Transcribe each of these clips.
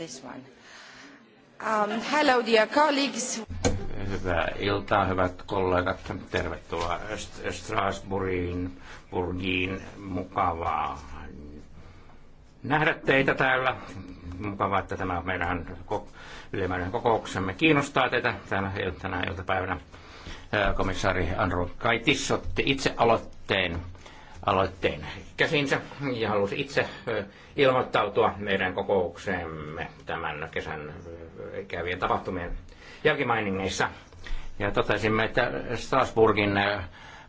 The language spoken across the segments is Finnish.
this one. Um, hello dear colleagues. Hyvää iltaa, hyvät kollegat. Tervetuloa Strasbourgiin. Burgiin. Mukavaa nähdä teitä täällä. Mukavaa, että tämä meidän ylimääräinen kokouksemme kiinnostaa teitä täällä tänä iltapäivänä. Komissaari Andrew Kaitis otti itse aloitteen aloitteen käsinsä ja halusi itse ilmoittautua meidän kokoukseemme tämän kesän käyvien tapahtumien jälkimainingeissa. Ja totesimme, että Strasbourgin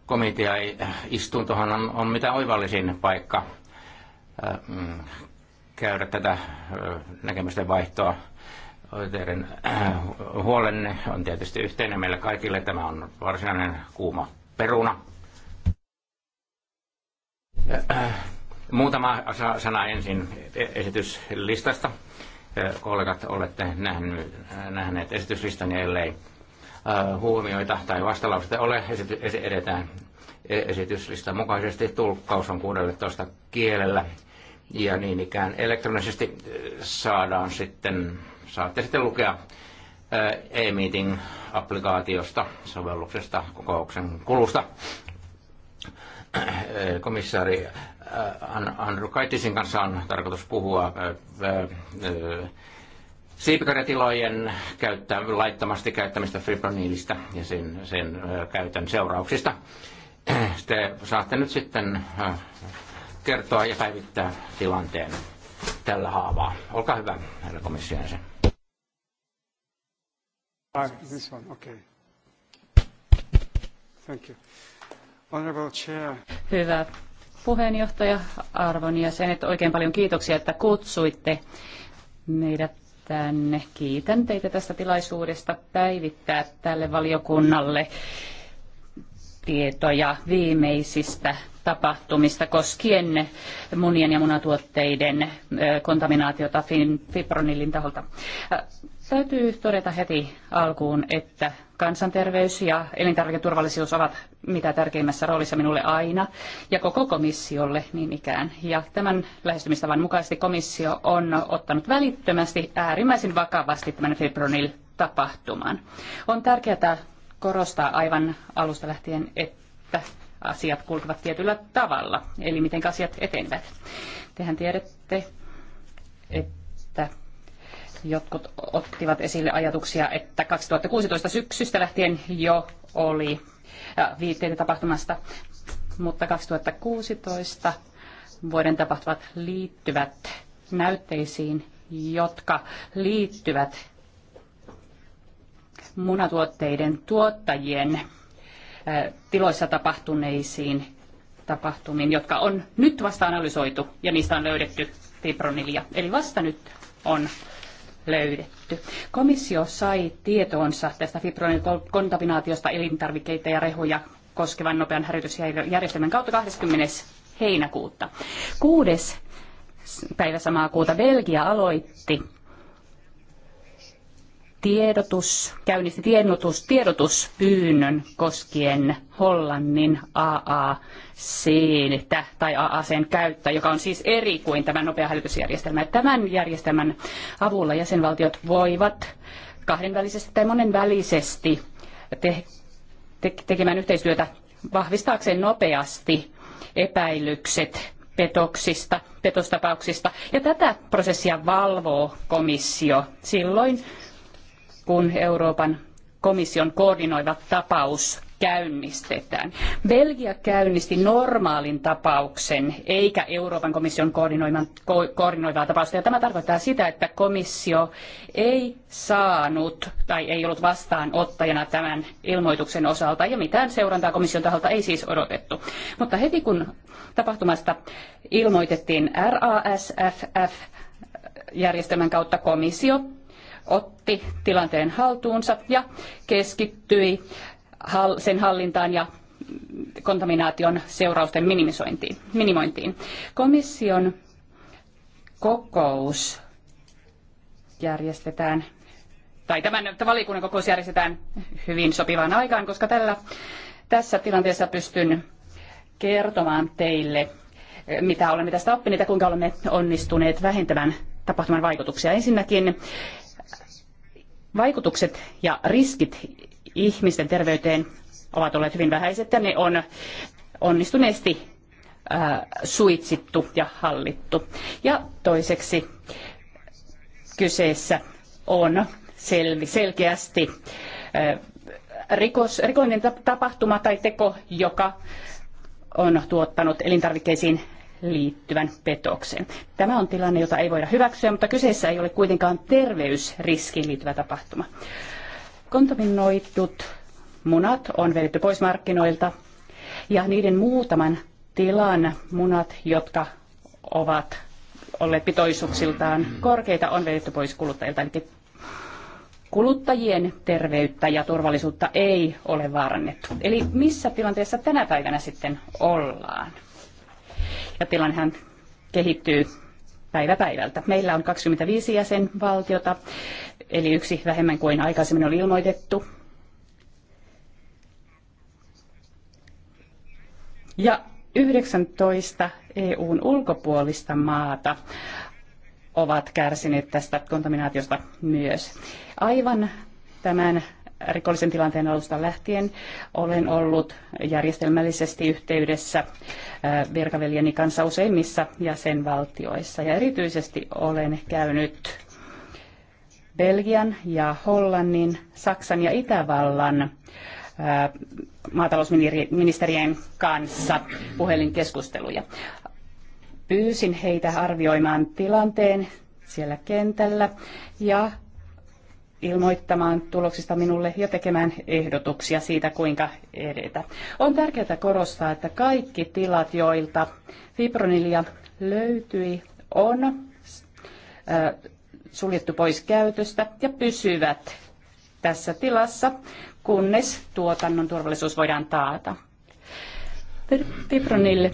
komiteaistuntohan on, on mitä oivallisin paikka mm, käydä tätä näkemysten vaihtoa. Teidän huolenne on tietysti yhteinen meille kaikille. Tämä on varsinainen kuuma peruna Äh, muutama sana ensin e-, esityslistasta. Äh, kollegat, olette nähneet esityslistan, ellei äh, huomioita tai vastalauseita ole, edetään e-, esityslistan mukaisesti. Tulkkaus on 16 kielellä ja niin ikään elektronisesti saadaan sitten, saatte sitten lukea e-meeting-applikaatiosta, sovelluksesta, kokouksen kulusta Äh, komissaari äh, Andrew Kaitisin kanssa on tarkoitus puhua äh, siipikarjatilojen käyttä, laittomasti käyttämistä fipronilista ja sen, sen käytön seurauksista. Te saatte nyt sitten kertoa ja päivittää tilanteen tällä haavaa. Olkaa hyvä, herra komission jäsen. Ah, this one, okay. Thank you. Hyvä puheenjohtaja, arvon jäsenet, oikein paljon kiitoksia, että kutsuitte meidät tänne. Kiitän teitä tästä tilaisuudesta päivittää tälle valiokunnalle tietoja viimeisistä tapahtumista koskien munien ja munatuotteiden kontaminaatiota fibronilin taholta. Täytyy todeta heti alkuun, että kansanterveys ja elintarviketurvallisuus ovat mitä tärkeimmässä roolissa minulle aina ja koko komissiolle niin ikään. Ja tämän lähestymistavan mukaisesti komissio on ottanut välittömästi äärimmäisen vakavasti tämän fibronil tapahtuman. On tärkeää korostaa aivan alusta lähtien, että asiat kulkevat tietyllä tavalla, eli miten asiat etenevät. Tehän tiedätte, että Jotkut ottivat esille ajatuksia, että 2016 syksystä lähtien jo oli äh, viitteitä tapahtumasta, mutta 2016 vuoden tapahtumat liittyvät näytteisiin, jotka liittyvät munatuotteiden tuottajien äh, tiloissa tapahtuneisiin tapahtumiin, jotka on nyt vasta analysoitu ja niistä on löydetty fibronilia. Eli vasta nyt on löydetty. Komissio sai tietoonsa tästä fibronin kontaminaatiosta elintarvikkeita ja rehuja koskevan nopean hälytysjärjestelmän kautta 20. heinäkuuta. Kuudes päivä samaa kuuta Belgia aloitti tiedotus, käynnisti tiedotus, tiedotuspyynnön koskien Hollannin AAC-tä tai AACn käyttöä, joka on siis eri kuin tämä nopea hälytysjärjestelmä. Tämän järjestelmän avulla jäsenvaltiot voivat kahdenvälisesti tai monenvälisesti te- te- tekemään yhteistyötä vahvistaakseen nopeasti epäilykset petoksista, petostapauksista. Ja tätä prosessia valvoo komissio. Silloin kun Euroopan komission koordinoiva tapaus käynnistetään. Belgia käynnisti normaalin tapauksen eikä Euroopan komission koordinoiman, koordinoivaa tapausta. Ja tämä tarkoittaa sitä, että komissio ei saanut tai ei ollut vastaanottajana tämän ilmoituksen osalta ja mitään seurantaa komission taholta ei siis odotettu. Mutta heti kun tapahtumasta ilmoitettiin RASFF järjestelmän kautta komissio otti tilanteen haltuunsa ja keskittyi sen hallintaan ja kontaminaation seurausten minimisointiin, minimointiin. Komission kokous järjestetään, tai tämän valiokunnan kokous järjestetään hyvin sopivaan aikaan, koska tällä, tässä tilanteessa pystyn kertomaan teille, mitä olemme tästä oppineet ja kuinka olemme onnistuneet vähentämään tapahtuman vaikutuksia. Ensinnäkin Vaikutukset ja riskit ihmisten terveyteen ovat olleet hyvin vähäiset ja ne on onnistuneesti suitsittu ja hallittu. Ja toiseksi kyseessä on selkeästi rikos, rikollinen tapahtuma tai teko, joka on tuottanut elintarvikkeisiin liittyvän petoksen. Tämä on tilanne, jota ei voida hyväksyä, mutta kyseessä ei ole kuitenkaan terveysriskiin liittyvä tapahtuma. Kontaminoidut munat on vedetty pois markkinoilta ja niiden muutaman tilan munat, jotka ovat olleet pitoisuuksiltaan korkeita, on vedetty pois kuluttajilta. Eli kuluttajien terveyttä ja turvallisuutta ei ole vaarannettu. Eli missä tilanteessa tänä päivänä sitten ollaan? ja tilannehan kehittyy päivä päivältä. Meillä on 25 jäsenvaltiota, eli yksi vähemmän kuin aikaisemmin oli ilmoitettu. Ja 19 EUn ulkopuolista maata ovat kärsineet tästä kontaminaatiosta myös. Aivan tämän rikollisen tilanteen alusta lähtien olen ollut järjestelmällisesti yhteydessä äh, virkaveljeni kanssa useimmissa jäsenvaltioissa. Ja erityisesti olen käynyt Belgian ja Hollannin, Saksan ja Itävallan äh, maatalousministerien kanssa puhelinkeskusteluja. Pyysin heitä arvioimaan tilanteen siellä kentällä ja ilmoittamaan tuloksista minulle ja tekemään ehdotuksia siitä, kuinka edetä. On tärkeää korostaa, että kaikki tilat, joilta fibronilia löytyi, on suljettu pois käytöstä ja pysyvät tässä tilassa, kunnes tuotannon turvallisuus voidaan taata. Fibronille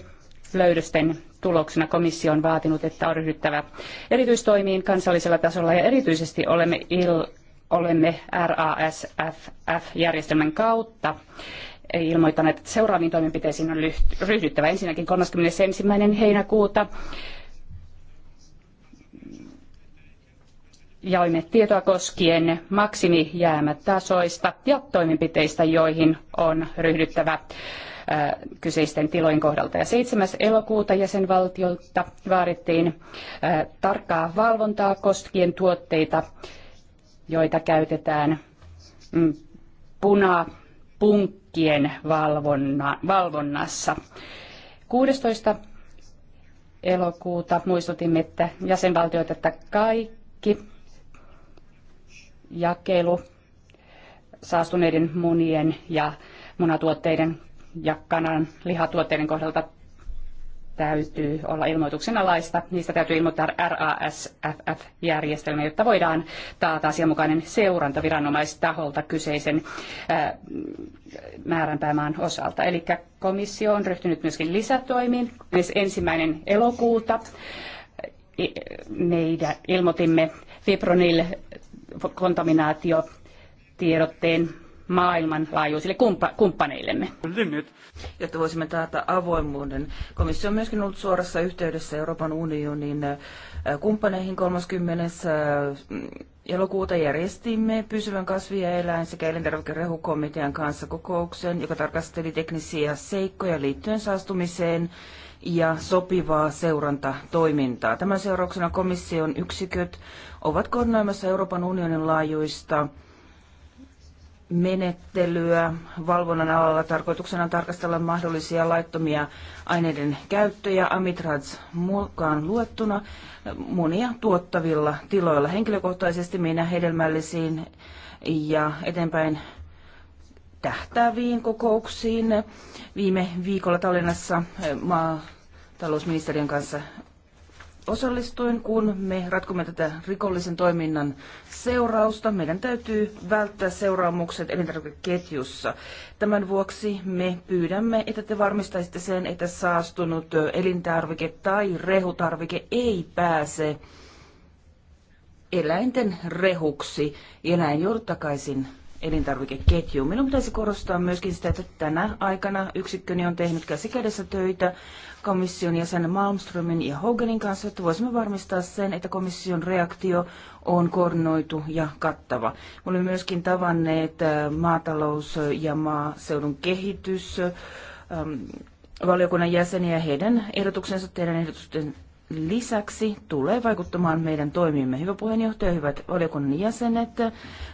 löydösten tuloksena komissio on vaatinut, että on ryhdyttävä erityistoimiin kansallisella tasolla ja erityisesti olemme il- olemme RASFF-järjestelmän kautta ilmoittaneet, että seuraaviin toimenpiteisiin on ryhdyttävä ensinnäkin 31. heinäkuuta. Jaoimme tietoa koskien maksimijäämätasoista ja toimenpiteistä, joihin on ryhdyttävä kyseisten tilojen kohdalta. Ja 7. elokuuta jäsenvaltiolta vaadittiin tarkkaa valvontaa koskien tuotteita, joita käytetään mm, punapunkkien valvonna, valvonnassa. 16. elokuuta muistutimme, että jäsenvaltiot, että kaikki jakelu saastuneiden munien ja munatuotteiden ja kanan lihatuotteiden kohdalta täytyy olla ilmoituksen alaista. Niistä täytyy ilmoittaa RASFF-järjestelmä, jotta voidaan taata asianmukainen seuranta viranomaistaholta kyseisen äh, määränpäämaan osalta. Eli komissio on ryhtynyt myöskin lisätoimiin. Siis ensimmäinen elokuuta meidän ilmoitimme fipronil kontaminaatiotiedotteen maailmanlaajuisille kumppa- kumppaneillemme. Jotta voisimme taata avoimuuden. Komissio on myöskin ollut suorassa yhteydessä Euroopan unionin äh, kumppaneihin 30. Äh, elokuuta järjestimme pysyvän kasvi- ja eläin- sekä elintarvikerehukomitean kanssa kokouksen, joka tarkasteli teknisiä seikkoja liittyen saastumiseen ja sopivaa seurantatoimintaa. Tämän seurauksena komission yksiköt ovat koordinoimassa Euroopan unionin laajuista menettelyä valvonnan alalla tarkoituksena on tarkastella mahdollisia laittomia aineiden käyttöjä Amitrads mukaan luettuna monia tuottavilla tiloilla. Henkilökohtaisesti minä hedelmällisiin ja eteenpäin tähtääviin kokouksiin. Viime viikolla Tallinnassa eh, maatalousministeriön kanssa osallistuin, kun me ratkomme tätä rikollisen toiminnan seurausta. Meidän täytyy välttää seuraamukset elintarvikeketjussa. Tämän vuoksi me pyydämme, että te varmistaisitte sen, että saastunut elintarvike tai rehutarvike ei pääse eläinten rehuksi ja näin joudu takaisin elintarvikeketjuun. Minun pitäisi korostaa myöskin sitä, että tänä aikana yksikköni on tehnyt käsikädessä töitä komission jäsen Malmströmin ja Hoganin kanssa, että voisimme varmistaa sen, että komission reaktio on koordinoitu ja kattava. Olemme myöskin tavanneet äh, maatalous- ja maaseudun kehitys ähm, valiokunnan jäseniä heidän ehdotuksensa, teidän ehdotusten lisäksi tulee vaikuttamaan meidän toimimme. Hyvä puheenjohtaja, hyvät valiokunnan jäsenet,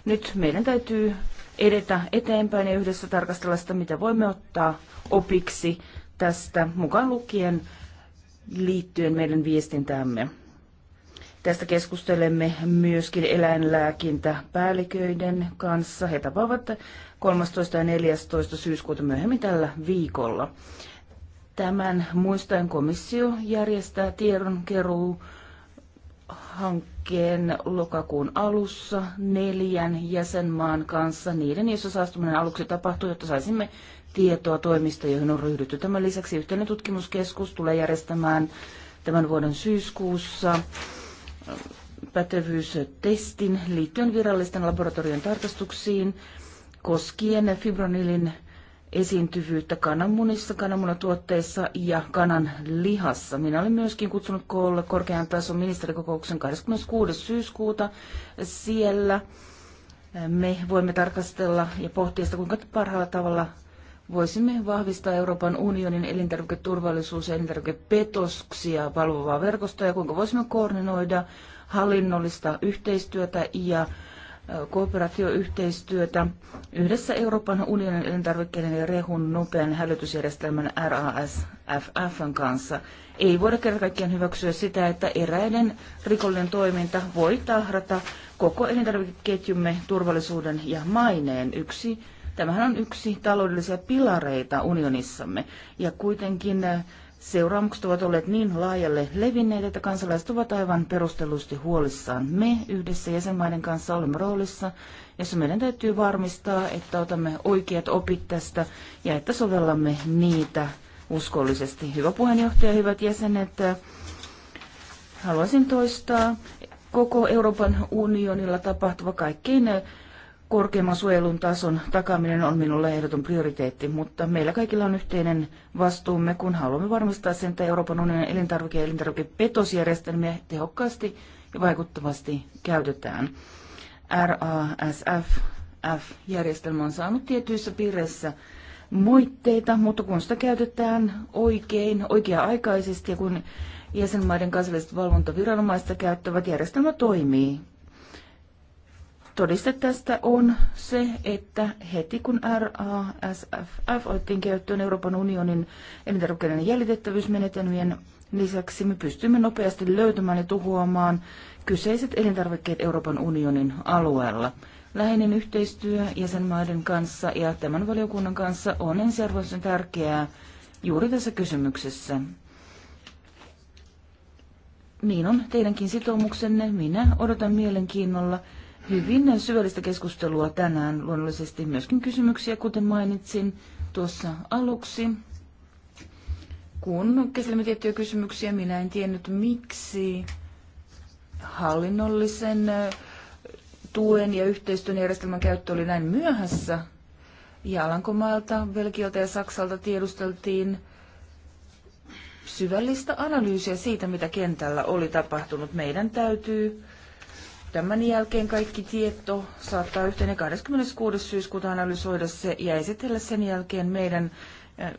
nyt meidän täytyy edetä eteenpäin ja yhdessä tarkastella sitä, mitä voimme ottaa opiksi tästä mukaan lukien liittyen meidän viestintäämme. Tästä keskustelemme myöskin eläinlääkintäpäälliköiden kanssa. He tapaavat 13. ja 14. syyskuuta myöhemmin tällä viikolla. Tämän muistojen komissio järjestää tiedonkeruu hankkeen lokakuun alussa neljän jäsenmaan kanssa, niiden, joissa saastuminen aluksi tapahtui, jotta saisimme tietoa toimista, joihin on ryhdytty. Tämän lisäksi yhteinen tutkimuskeskus tulee järjestämään tämän vuoden syyskuussa pätevyystestin liittyen virallisten laboratorion tarkastuksiin koskien fibronilin esiintyvyyttä kananmunissa, kananmunatuotteissa ja kanan lihassa. Minä olen myöskin kutsunut koolle korkean tason ministerikokouksen 26. syyskuuta siellä. Eh, me voimme tarkastella ja pohtia sitä, kuinka parhaalla tavalla voisimme vahvistaa Euroopan unionin elintarviketurvallisuus- ja elintarvikepetoksia valvovaa verkostoa ja kuinka voisimme koordinoida hallinnollista yhteistyötä ja kooperaatioyhteistyötä yhdessä Euroopan unionin elintarvikkeiden ja rehun nopean hälytysjärjestelmän RASFFn kanssa. Ei voida kerta kaikkiaan hyväksyä sitä, että eräiden rikollinen toiminta voi tahrata koko elintarvikeketjumme turvallisuuden ja maineen yksi. Tämähän on yksi taloudellisia pilareita unionissamme ja kuitenkin Seuraamukset ovat olleet niin laajalle levinneet, että kansalaiset ovat aivan perustellusti huolissaan. Me yhdessä jäsenmaiden kanssa olemme roolissa, jossa meidän täytyy varmistaa, että otamme oikeat opit tästä ja että sovellamme niitä uskollisesti. Hyvä puheenjohtaja, hyvät jäsenet, haluaisin toistaa koko Euroopan unionilla tapahtuva kaikkein korkeamman suojelun tason takaaminen on minulle ehdoton prioriteetti, mutta meillä kaikilla on yhteinen vastuumme, kun haluamme varmistaa sen, että Euroopan unionin elintarvike- ja elintarvikepetosjärjestelmiä tehokkaasti ja vaikuttavasti käytetään. RASF-järjestelmä on saanut tietyissä piireissä moitteita, mutta kun sitä käytetään oikein, oikea-aikaisesti ja kun jäsenmaiden kansalliset valvontaviranomaiset käyttävät, järjestelmä toimii Todiste tästä on se, että heti kun RASFF otettiin käyttöön Euroopan unionin elintarvikkeiden jäljitettävyysmenetelmien lisäksi, me pystymme nopeasti löytämään ja tuhoamaan kyseiset elintarvikkeet Euroopan unionin alueella. Läheinen yhteistyö jäsenmaiden kanssa ja tämän valiokunnan kanssa on ensiarvoisen tärkeää juuri tässä kysymyksessä. Niin on teidänkin sitoumuksenne. Minä odotan mielenkiinnolla hyvin syvällistä keskustelua tänään. Luonnollisesti myöskin kysymyksiä, kuten mainitsin tuossa aluksi. Kun käsittelemme tiettyjä kysymyksiä, minä en tiennyt miksi hallinnollisen tuen ja yhteistyön järjestelmän käyttö oli näin myöhässä. Ja Alankomailta, Belgialta ja Saksalta tiedusteltiin syvällistä analyysiä siitä, mitä kentällä oli tapahtunut. Meidän täytyy Tämän jälkeen kaikki tieto saattaa yhteen 26. syyskuuta analysoida se ja esitellä sen jälkeen meidän ähm,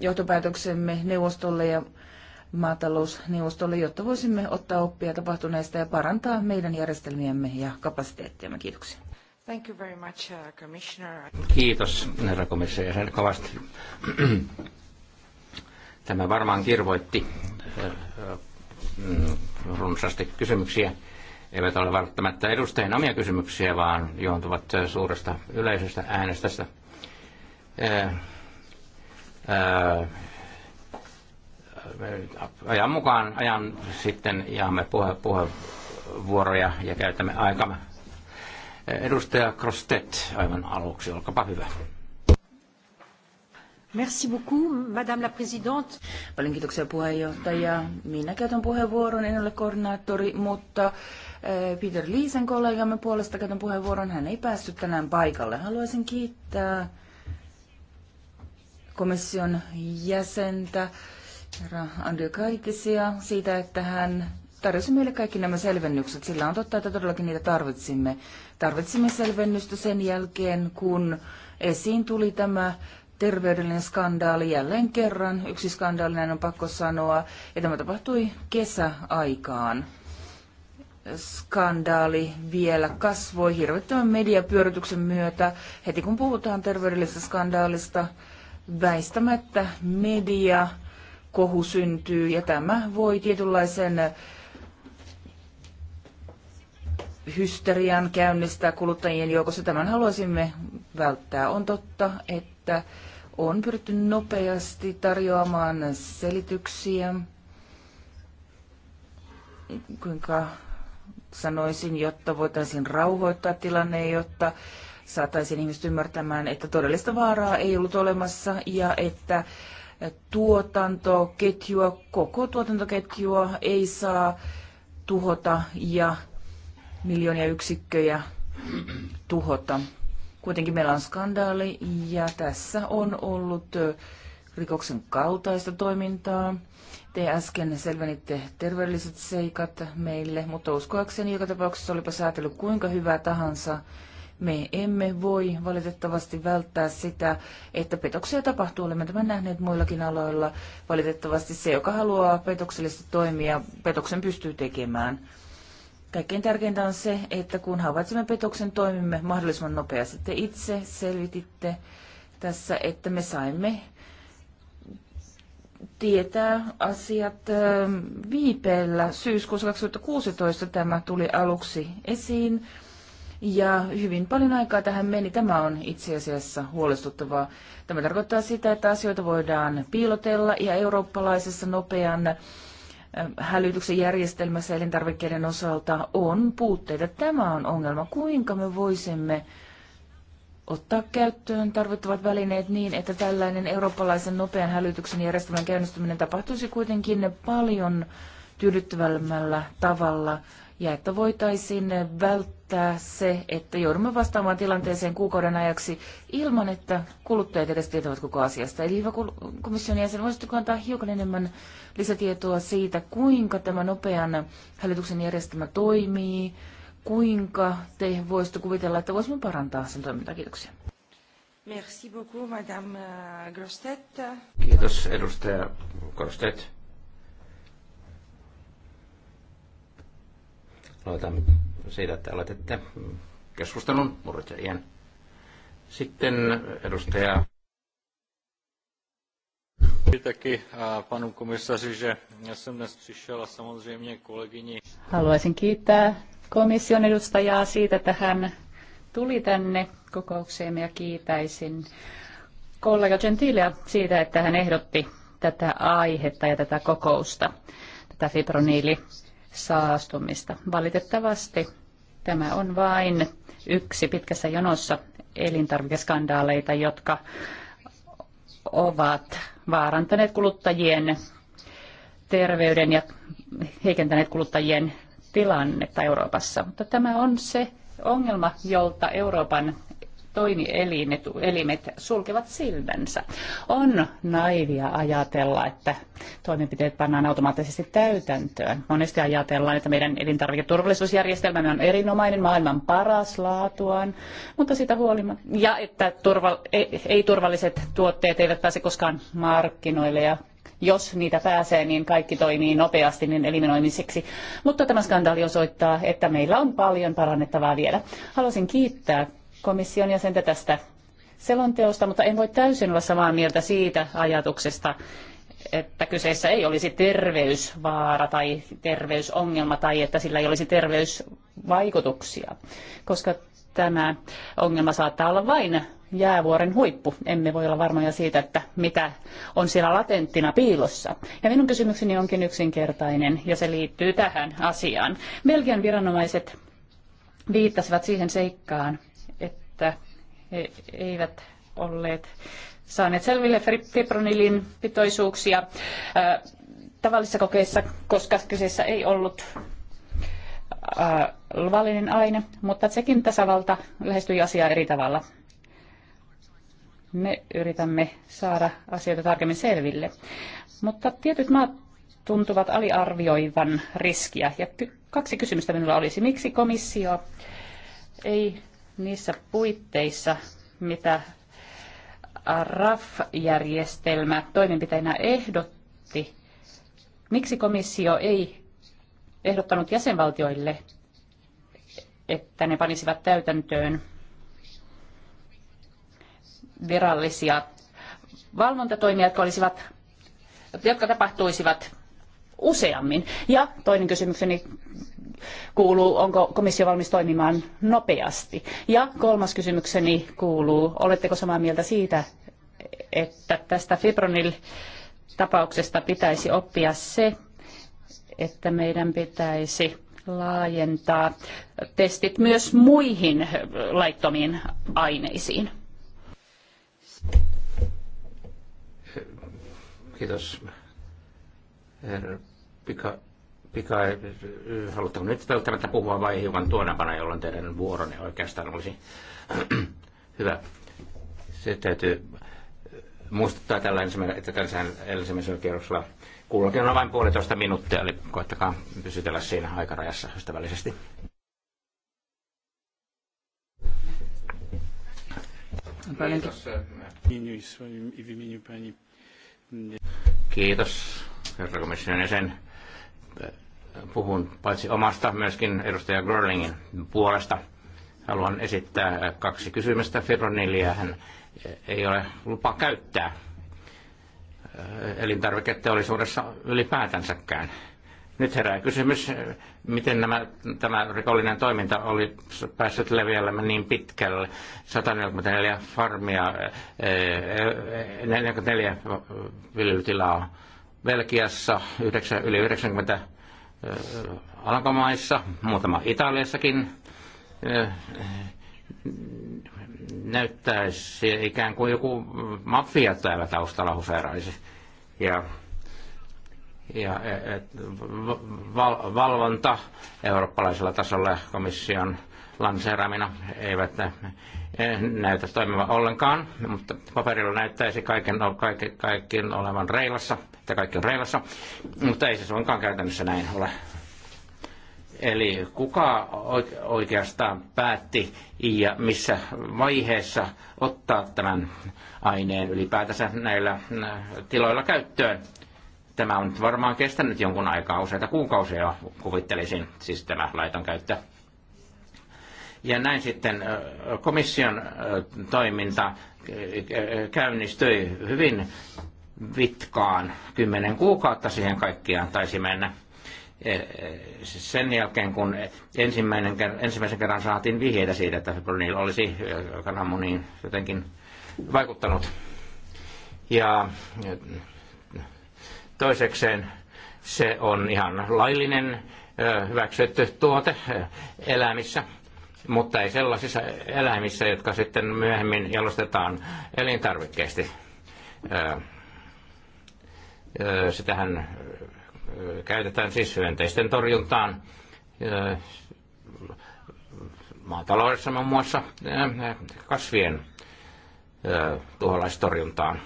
johtopäätöksemme neuvostolle ja maatalousneuvostolle, jotta voisimme ottaa oppia tapahtuneista ja parantaa meidän järjestelmiämme ja kapasiteettiamme. Kiitoksia. Thank you very much, uh, commissioner. Kiitos, herra komissio, kovasti. Tämä varmaan kirvoitti äh, äh, mm, runsaasti kysymyksiä eivät ole välttämättä edustajien omia kysymyksiä, vaan juontuvat äh, suuresta yleisöstä äänestästä. Äh, äh, ajan mukaan ajan sitten jaamme puhe, puheenvuoroja ja käytämme aikamme. Edustaja Krostet, aivan aluksi, olkapa hyvä. Merci beaucoup, Madame la Présidente. Paljon kiitoksia puheenjohtaja. Minä käytän puheenvuoron, en ole koordinaattori, mutta Äh, Peter Liisen kollegamme puolesta käytän puheenvuoron. Hän ei päässyt tänään paikalle. Haluaisin kiittää komission jäsentä herra Andrew Kaitisia siitä, että hän tarjosi meille kaikki nämä selvennykset. Sillä on totta, että todellakin niitä tarvitsimme. Tarvitsimme selvennystä sen jälkeen, kun esiin tuli tämä terveydellinen skandaali jälleen kerran. Yksi skandaali, näin on pakko sanoa, ja tämä tapahtui kesäaikaan skandaali vielä kasvoi hirvittävän mediapyörityksen myötä. Heti kun puhutaan terveydellisestä skandaalista, väistämättä media kohu syntyy ja tämä voi tietynlaisen hysterian käynnistää kuluttajien joukossa. Tämän haluaisimme välttää. On totta, että on pyritty nopeasti tarjoamaan selityksiä, kuinka sanoisin, jotta voitaisiin rauhoittaa tilanne, jotta saataisiin ihmiset ymmärtämään, että todellista vaaraa ei ollut olemassa ja että tuotantoketjua, koko tuotantoketjua ei saa tuhota ja miljoonia yksikköjä tuhota. Kuitenkin meillä on skandaali ja tässä on ollut rikoksen kaltaista toimintaa. Te äsken selvenitte terveelliset seikat meille, mutta uskoakseni joka tapauksessa olipa säätely kuinka hyvää tahansa, me emme voi valitettavasti välttää sitä, että petoksia tapahtuu. Olemme tämän nähneet muillakin aloilla. Valitettavasti se, joka haluaa petoksellisesti toimia, petoksen pystyy tekemään. Kaikkein tärkeintä on se, että kun havaitsemme petoksen, toimimme mahdollisimman nopeasti. Te itse selvititte tässä, että me saimme tietää asiat viipeellä. Syyskuussa 2016 tämä tuli aluksi esiin ja hyvin paljon aikaa tähän meni. Tämä on itse asiassa huolestuttavaa. Tämä tarkoittaa sitä, että asioita voidaan piilotella ja eurooppalaisessa nopean hälytyksen järjestelmässä elintarvikkeiden osalta on puutteita. Tämä on ongelma. Kuinka me voisimme ottaa käyttöön tarvittavat välineet niin, että tällainen eurooppalaisen nopean hälytyksen järjestelmän käynnistyminen tapahtuisi kuitenkin paljon tyydyttävämmällä tavalla ja että voitaisiin välttää se, että joudumme vastaamaan tilanteeseen kuukauden ajaksi ilman, että kuluttajat edes tietävät koko asiasta. Eli hyvä komission jäsen, voisitteko antaa hiukan enemmän lisätietoa siitä, kuinka tämä nopean hälytyksen järjestelmä toimii, kuinka te voisitte kuvitella, että voisimme parantaa sen toimintaa? Kiitoksia. Merci beaucoup, Madame euh, Grostet. Kiitos, edustaja Grostet. Aloitan siitä, että aloitette keskustelun murtajien. Sitten edustaja Haluaisin kiittää komission edustajaa siitä, että hän tuli tänne kokoukseemme ja kiitäisin kollega Gentilia siitä, että hän ehdotti tätä aihetta ja tätä kokousta, tätä fibroniilisaastumista. Valitettavasti tämä on vain yksi pitkässä jonossa elintarvikeskandaaleita, jotka ovat vaarantaneet kuluttajien terveyden ja heikentäneet kuluttajien tilannetta Euroopassa. Mutta tämä on se ongelma, jolta Euroopan toimielimet sulkevat silmänsä. On naivia ajatella, että toimenpiteet pannaan automaattisesti täytäntöön. Monesti ajatellaan, että meidän elintarviketurvallisuusjärjestelmämme on erinomainen, maailman paras laatuaan, mutta sitä huolimatta, ja että turva, ei, ei turvalliset tuotteet eivät pääse koskaan markkinoille ja jos niitä pääsee, niin kaikki toimii nopeasti niin eliminoimiseksi. Mutta tämä skandaali osoittaa, että meillä on paljon parannettavaa vielä. Haluaisin kiittää komission jäsentä tästä selonteosta, mutta en voi täysin olla samaa mieltä siitä ajatuksesta, että kyseessä ei olisi terveysvaara tai terveysongelma tai että sillä ei olisi terveysvaikutuksia, koska tämä ongelma saattaa olla vain jäävuoren huippu. Emme voi olla varmoja siitä, että mitä on siellä latenttina piilossa. Ja minun kysymykseni onkin yksinkertainen ja se liittyy tähän asiaan. Belgian viranomaiset viittasivat siihen seikkaan, että he eivät olleet saaneet selville fipronilin pitoisuuksia äh, tavallisissa kokeissa, koska kyseessä ei ollut luvallinen äh, aine, mutta sekin tasavalta lähestyi asiaa eri tavalla me yritämme saada asioita tarkemmin selville. Mutta tietyt maat tuntuvat aliarvioivan riskiä. Ja kaksi kysymystä minulla olisi. Miksi komissio ei niissä puitteissa, mitä RAF-järjestelmä toimenpiteinä ehdotti, miksi komissio ei ehdottanut jäsenvaltioille, että ne panisivat täytäntöön virallisia valvontatoimia, jotka, olisivat, jotka tapahtuisivat useammin. Ja toinen kysymykseni kuuluu, onko komissio valmis toimimaan nopeasti. Ja kolmas kysymykseni kuuluu, oletteko samaa mieltä siitä, että tästä Fibronil tapauksesta pitäisi oppia se, että meidän pitäisi laajentaa testit myös muihin laittomiin aineisiin. Kiitos. Herra Pika, Pika haluatteko nyt välttämättä puhua vai hiukan tuonapana, jolloin teidän vuoronne oikeastaan olisi hyvä. Se täytyy muistuttaa tällä ensimmäisellä, että tällä ensimmäisellä kierroksella kullakin on vain puolitoista minuuttia, eli koettakaa pysytellä siinä aikarajassa ystävällisesti. Kiitos. Kiitos, herra komission jäsen. Puhun paitsi omasta, myöskin edustaja Gröllingin puolesta. Haluan esittää kaksi kysymystä Fibronilia Hän ei ole lupa käyttää elintarviketeollisuudessa ylipäätänsäkään nyt herää kysymys, miten nämä, tämä rikollinen toiminta oli päässyt leviämään niin pitkälle. 144 farmia, 44 eh, eh, viljelytilaa Belgiassa, yli 90 eh, Alankomaissa, muutama Italiassakin näyttäisi ikään kuin joku mafia täällä taustalla huseeraisi. Ja ja et, e, val, valvonta eurooppalaisella tasolla komission lanseeraamina eivät ne, näytä toimivan ollenkaan, mutta paperilla näyttäisi kaiken, kaikki, kaikki olevan reilassa, että kaikki on reilassa, mutta ei se suinkaan käytännössä näin ole. Eli kuka oikeastaan päätti ja missä vaiheessa ottaa tämän aineen ylipäätänsä näillä tiloilla käyttöön? Tämä on varmaan kestänyt jonkun aikaa, useita kuukausia kuvittelisin, siis tämä laiton käyttö. Ja näin sitten komission toiminta käynnistyi hyvin vitkaan. Kymmenen kuukautta siihen kaikkiaan taisi mennä. E, e, sen jälkeen, kun ensimmäinen, ensimmäisen kerran saatiin vihjeitä siitä, että niillä olisi kananmuniin jotenkin vaikuttanut. Ja Toisekseen se on ihan laillinen hyväksytty tuote elämissä, mutta ei sellaisissa eläimissä, jotka sitten myöhemmin jalostetaan elintarvikkeesti. Sitähän käytetään siis hyönteisten torjuntaan maataloudessa muun muassa kasvien tuholaistorjuntaan.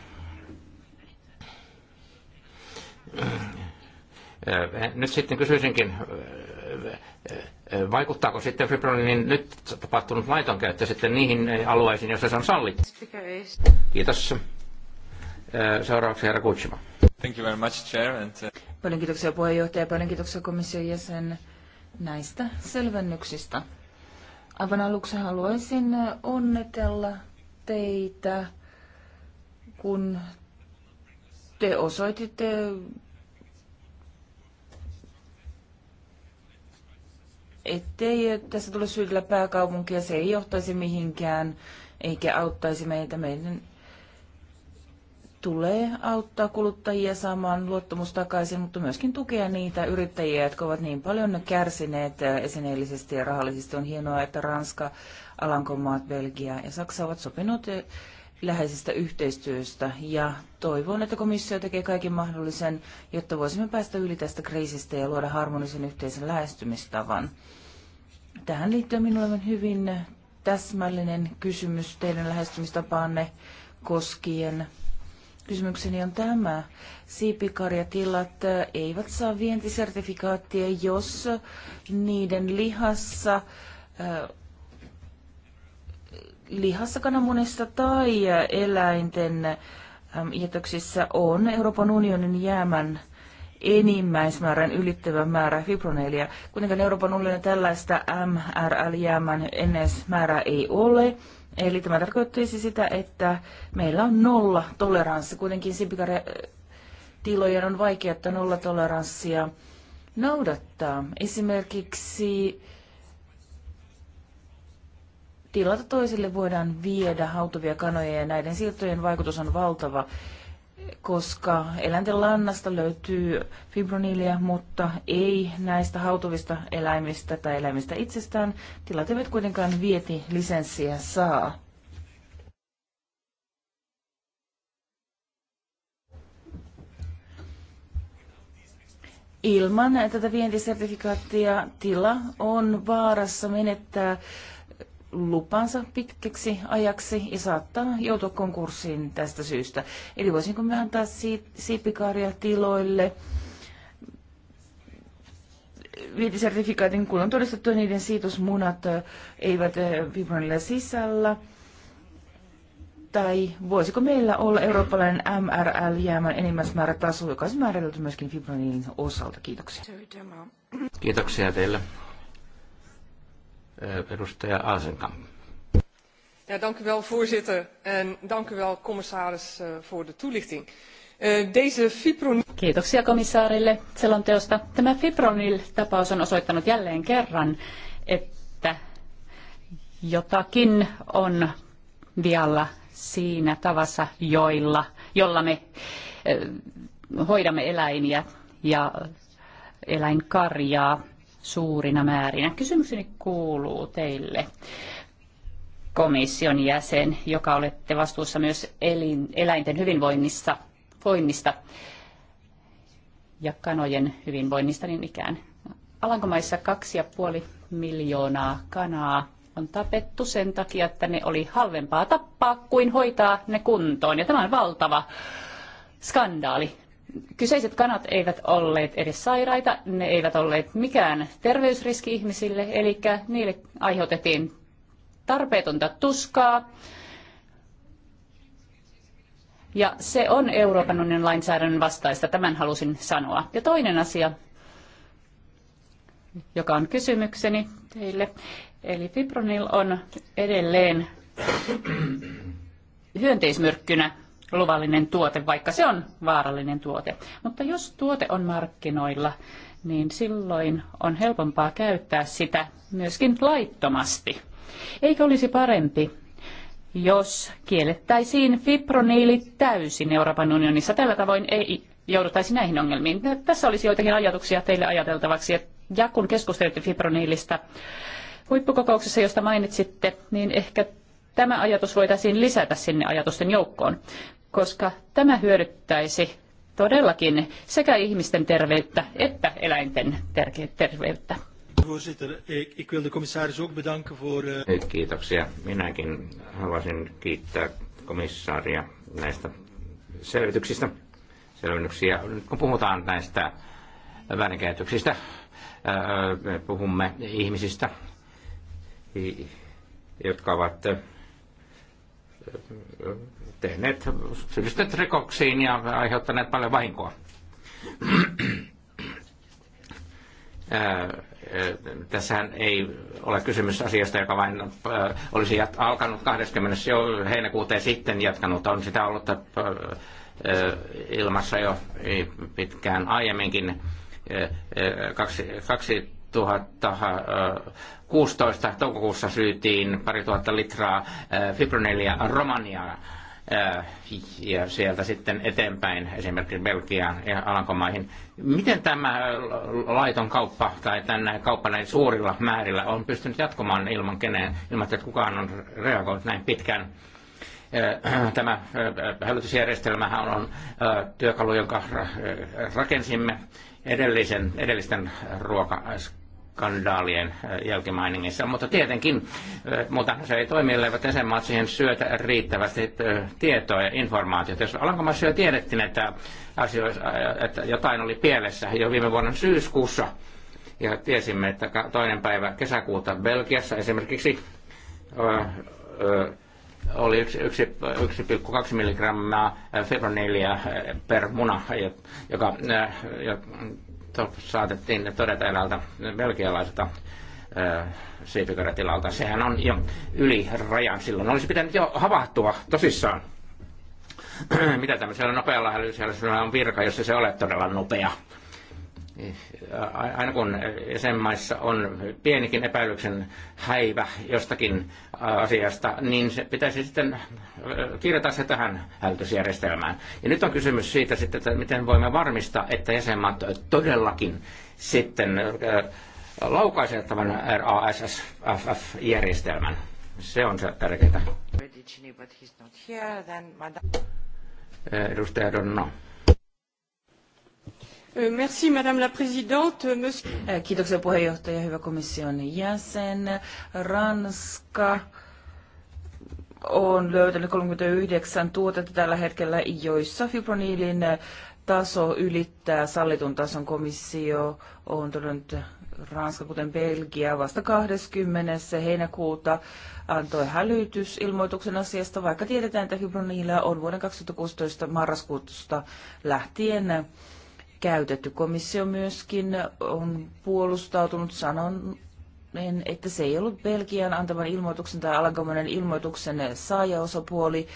Äh, nyt sitten kysyisinkin, äh, äh, vaikuttaako sitten fibroniinin nyt tapahtunut laiton käyttö sitten niihin alueisiin, joissa se on sallittu? Kiitos. Seuraavaksi herra Kutsima. Thank you very much, Chair. And, uh... Paljon kiitoksia puheenjohtaja, paljon kiitoksia komission jäsen näistä selvennyksistä. Aivan aluksi haluaisin onnetella teitä, kun te osoititte ettei tässä tule syytellä pääkaupunkia, se ei johtaisi mihinkään eikä auttaisi meitä. Meidän tulee auttaa kuluttajia saamaan luottamus takaisin, mutta myöskin tukea niitä yrittäjiä, jotka ovat niin paljon kärsineet esineellisesti ja rahallisesti. On hienoa, että Ranska, Alankomaat, Belgia ja Saksa ovat sopineet läheisestä yhteistyöstä ja toivon, että komissio tekee kaiken mahdollisen, jotta voisimme päästä yli tästä kriisistä ja luoda harmonisen yhteisen lähestymistavan. Tähän liittyen minulla on hyvin täsmällinen kysymys teidän lähestymistapaanne koskien. Kysymykseni on tämä. Siipikarjatilat eh, eivät saa vientisertifikaattia, jos niiden lihassa eh, lihassa, kananmunissa tai eläinten jätöksissä on Euroopan unionin jäämän enimmäismäärän ylittävä määrä fibroneelia. Kuitenkaan Euroopan unionin tällaista MRL-jäämän enimmäismäärää ei ole. Eli tämä tarkoittaisi sitä, että meillä on nolla toleranssi. Kuitenkin tilojen on vaikea, että nolla toleranssia noudattaa. Esimerkiksi Tilata toiselle voidaan viedä hautuvia kanoja ja näiden siirtojen vaikutus on valtava, koska eläinten lannasta löytyy fibroniilia, mutta ei näistä hautuvista eläimistä tai eläimistä itsestään. Tilat eivät kuitenkaan vieti lisenssiä saa. Ilman tätä vientisertifikaattia tila on vaarassa menettää lupansa pitkäksi ajaksi ja saattaa joutua konkurssiin tästä syystä. Eli voisinko me antaa siipikaaria tiloille vientisertifikaatin, kun on todistettu, että niiden siitosmunat eivät vibronilla sisällä. Tai voisiko meillä olla eurooppalainen MRL-jäämän enimmäismäärä taso, joka olisi määritelty myöskin fibronilin osalta? Kiitoksia. Kiitoksia teille. Eh, edustaja Ja, dank u wel, voorzitter. En dank u wel, commissaris, eh, voor de toelichting. Eh, deze fipronil... Kiitoksia komissaarille selonteosta. Tämä fipronil-tapaus on osoittanut jälleen kerran, että jotakin on vialla siinä tavassa, joilla, jolla me hoidamme eläimiä ja eläinkarjaa suurina määrinä. Kysymykseni kuuluu teille komission jäsen, joka olette vastuussa myös elin, eläinten hyvinvoinnista, voinnista ja kanojen hyvinvoinnista niin ikään. Alankomaissa 2,5 miljoonaa kanaa on tapettu sen takia, että ne oli halvempaa tappaa kuin hoitaa ne kuntoon. Ja tämä on valtava skandaali. Kyseiset kanat eivät olleet edes sairaita, ne eivät olleet mikään terveysriski ihmisille, eli niille aiheutettiin tarpeetonta tuskaa. Ja se on Euroopan unionin lainsäädännön vastaista, tämän halusin sanoa. Ja toinen asia, joka on kysymykseni teille, eli fipronil on edelleen hyönteismyrkkynä luvallinen tuote, vaikka se on vaarallinen tuote. Mutta jos tuote on markkinoilla, niin silloin on helpompaa käyttää sitä myöskin laittomasti. Eikö olisi parempi, jos kiellettäisiin fibroniilit täysin Euroopan unionissa? Tällä tavoin ei jouduttaisi näihin ongelmiin. Tässä olisi joitakin ajatuksia teille ajateltavaksi. Ja kun keskustelitte fibroniilista huippukokouksessa, josta mainitsitte, niin ehkä tämä ajatus voitaisiin lisätä sinne ajatusten joukkoon koska tämä hyödyttäisi todellakin sekä ihmisten terveyttä että eläinten terveyttä. Eh, kiitoksia. Minäkin haluaisin kiittää komissaaria näistä selvityksistä. selvennyksiä. Nyt kun puhutaan näistä väärinkäytöksistä, eh, puhumme ihmisistä, jotka ovat eh, tehneet, syyllistyneet rikoksiin ja aiheuttaneet paljon vahinkoa. Äh, äh, tässähän ei ole kysymys asiasta, joka vain äh, olisi alkanut 20. heinäkuuta ja sitten jatkanut. On sitä ollut ilmassa jo pitkään aiemminkin. 2016 toukokuussa syytiin pari tuhatta litraa fibronelia romaniaa ja sieltä sitten eteenpäin esimerkiksi Belgiaan ja Alankomaihin. Miten tämä laiton kauppa tai tänne kauppa näin suurilla määrillä on pystynyt jatkumaan ilman keneen, ilman että kukaan on reagoinut näin pitkään? Tämä hälytysjärjestelmähän on työkalu, jonka rakensimme edellisen, edellisten ruoka skandaalien äh, jälkimainingissa. Mutta tietenkin, äh, mutta se ei toimi, elleivät jäsenmaat siihen syötä riittävästi äh, tietoa ja informaatiota. Jos Alankomaissa jo tiedettiin, että, asioissa, että jotain oli pielessä jo viime vuoden syyskuussa, ja tiesimme, että toinen päivä kesäkuuta Belgiassa esimerkiksi oli 1,2 milligrammaa fibronilia per muna, joka, saatettiin todeta eräältä belgialaiselta siipikarjatilalta. Sehän on jo yli rajan silloin. Olisi pitänyt jo havahtua tosissaan. Mitä tämmöisellä nopealla hälytyksellä on virka, jos se ole todella nopea aina kun jäsenmaissa on pienikin epäilyksen häivä jostakin asiasta, niin se pitäisi sitten kirjata se tähän hälytysjärjestelmään. Ja nyt on kysymys siitä sitten, että miten voimme varmistaa, että jäsenmaat todellakin sitten laukaisevat tämän rasff järjestelmän Se on se tärkeää. Edustaja Donna. Euh, kiitoksia puheenjohtaja, hyvä komission jäsen. Ranska on löytänyt 39 tuotetta tällä hetkellä, joissa fibroniilin taso ylittää sallitun tason. Komissio on todennut Ranska, kuten Belgia, vasta 20. heinäkuuta antoi hälytysilmoituksen asiasta, vaikka tiedetään, että fibroniilia on vuoden 2016 marraskuusta lähtien käytetty. Komissio myöskin on puolustautunut sanon, että se ei ollut Belgian antaman ilmoituksen tai Alankomainen ilmoituksen saajaosapuoli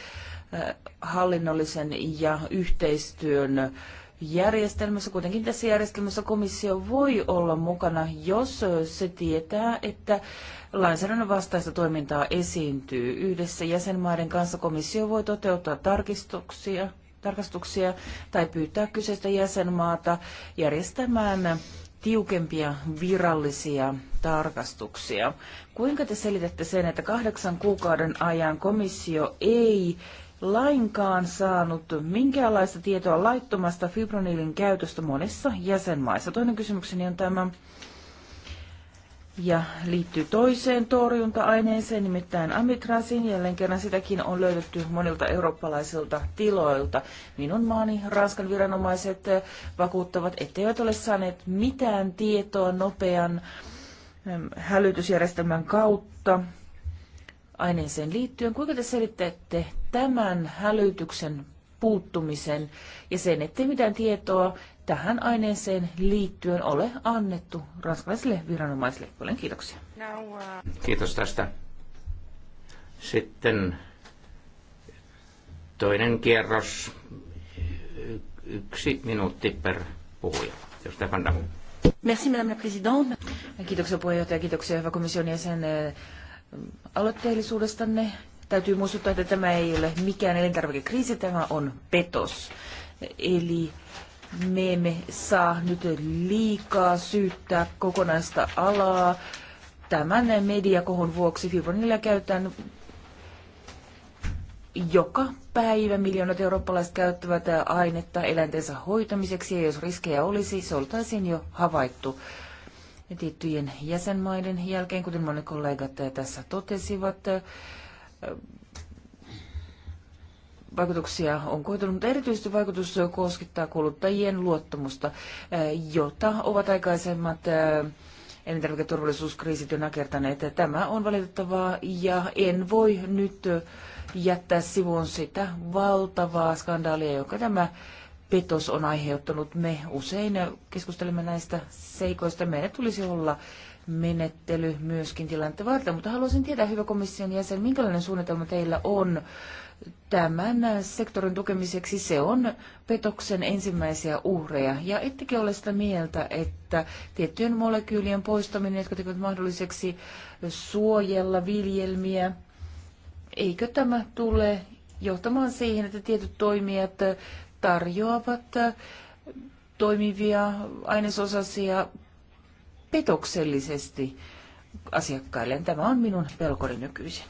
äh, hallinnollisen ja yhteistyön järjestelmässä. Kuitenkin tässä järjestelmässä komissio voi olla mukana, jos se tietää, että lainsäädännön vastaista toimintaa esiintyy. Yhdessä jäsenmaiden kanssa komissio voi toteuttaa tarkistuksia tarkastuksia tai pyytää kyseistä jäsenmaata järjestämään tiukempia virallisia tarkastuksia. Kuinka te selitätte sen, että kahdeksan kuukauden ajan komissio ei lainkaan saanut minkäänlaista tietoa laittomasta fipronilin käytöstä monissa jäsenmaissa? Toinen kysymykseni on tämä ja liittyy toiseen torjunta-aineeseen, nimittäin amitrasin. Jälleen kerran sitäkin on löydetty monilta eurooppalaisilta tiloilta. Minun maani Ranskan viranomaiset eh, vakuuttavat, etteivät ole saaneet mitään tietoa nopean hälytysjärjestelmän kautta aineeseen liittyen. Kuinka te selittäette tämän hälytyksen puuttumisen ja sen, ettei mitään tietoa tähän aineeseen liittyen ole annettu ranskalaisille viranomaisille. Olen kiitoksia. Kiitos tästä. Sitten toinen kierros. Yksi minuutti per puhuja. Stefan Vandamu. Merci, madame la présidente. Kiitoksia puheenjohtaja, kiitoksia hyvä komission jäsen eh, aloitteellisuudestanne. Täytyy muistuttaa, että tämä ei ole mikään elintarvikekriisi, tämä on petos. Eli me emme saa nyt liikaa syyttää kokonaista alaa. Tämän mediakohun vuoksi Fibronilla käytetään joka päivä miljoonat eurooppalaiset käyttävät ainetta eläintensä hoitamiseksi, ja jos riskejä olisi, se oltaisiin jo havaittu. Ja tiettyjen jäsenmaiden jälkeen, kuten monet kollegat tässä totesivat, vaikutuksia on koitunut, mutta erityisesti vaikutus koskettaa kuluttajien luottamusta, eh, jota ovat aikaisemmat eh, elintarviketurvallisuuskriisit jo nakertaneet. Tämä on valitettavaa ja en voi nyt jättää sivuun sitä valtavaa skandaalia, joka tämä petos on aiheuttanut. Me usein keskustelemme näistä seikoista. Meidän tulisi olla menettely myöskin tilannetta varten, mutta haluaisin tietää, hyvä komission jäsen, minkälainen suunnitelma teillä on tämän sektorin tukemiseksi. Se on petoksen ensimmäisiä uhreja. Ja ettekö ole sitä mieltä, että tiettyjen molekyylien poistaminen, jotka tekevät mahdolliseksi suojella viljelmiä, eikö tämä tule johtamaan siihen, että tietyt toimijat tarjoavat toimivia ainesosasia petoksellisesti asiakkailleen. Tämä on minun pelkoni nykyisin.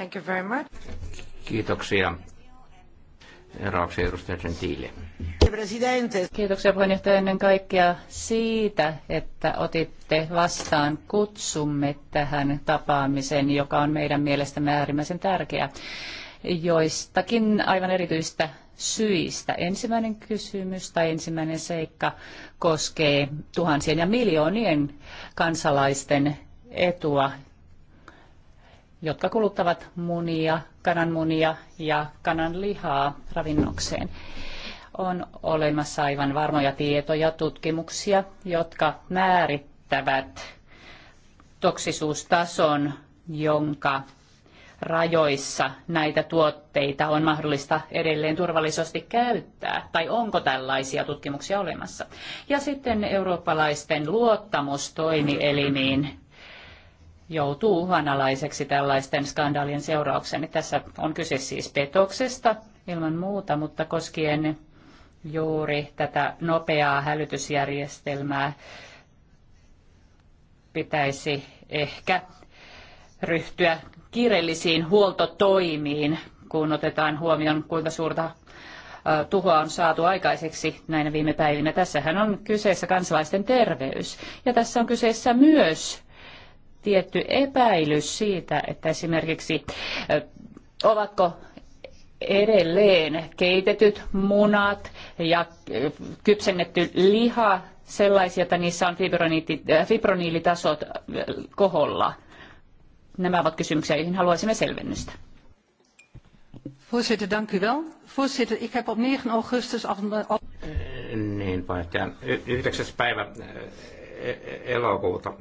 Thank you very much. Kiitoksia. Seuraavaksi edustaja Gentile. Kiitoksia puheenjohtaja ennen kaikkea siitä, että otitte vastaan kutsumme tähän tapaamiseen, joka on meidän mielestä äärimmäisen tärkeä joistakin aivan erityistä syistä. Ensimmäinen kysymys tai ensimmäinen seikka koskee tuhansien ja miljoonien kansalaisten etua, jotka kuluttavat munia, kananmunia ja kananlihaa ravinnokseen. On olemassa aivan varmoja tietoja, tutkimuksia, jotka määrittävät toksisuustason, jonka rajoissa näitä tuotteita on mahdollista edelleen turvallisesti käyttää, tai onko tällaisia tutkimuksia olemassa. Ja sitten eurooppalaisten luottamus toimielimiin joutuu uhanalaiseksi tällaisten skandaalien seurauksena. Tässä on kyse siis petoksesta ilman muuta, mutta koskien juuri tätä nopeaa hälytysjärjestelmää pitäisi ehkä ryhtyä kiireellisiin huoltotoimiin, kun otetaan huomioon, kuinka suurta tuhoa on saatu aikaiseksi näinä viime päivinä. Tässähän on kyseessä kansalaisten terveys. Ja tässä on kyseessä myös tietty epäilys siitä, että esimerkiksi ovatko edelleen keitetyt munat ja kypsennetty liha sellaisia, että niissä on fibroniilitasot koholla. Nämä ovat kysymyksiä, joihin haluaisimme selvennystä. Voorzitter, dank u wel. Voorzitter, ik heb op 9 augustus... Niin, 9. päivä e- e- elokuuta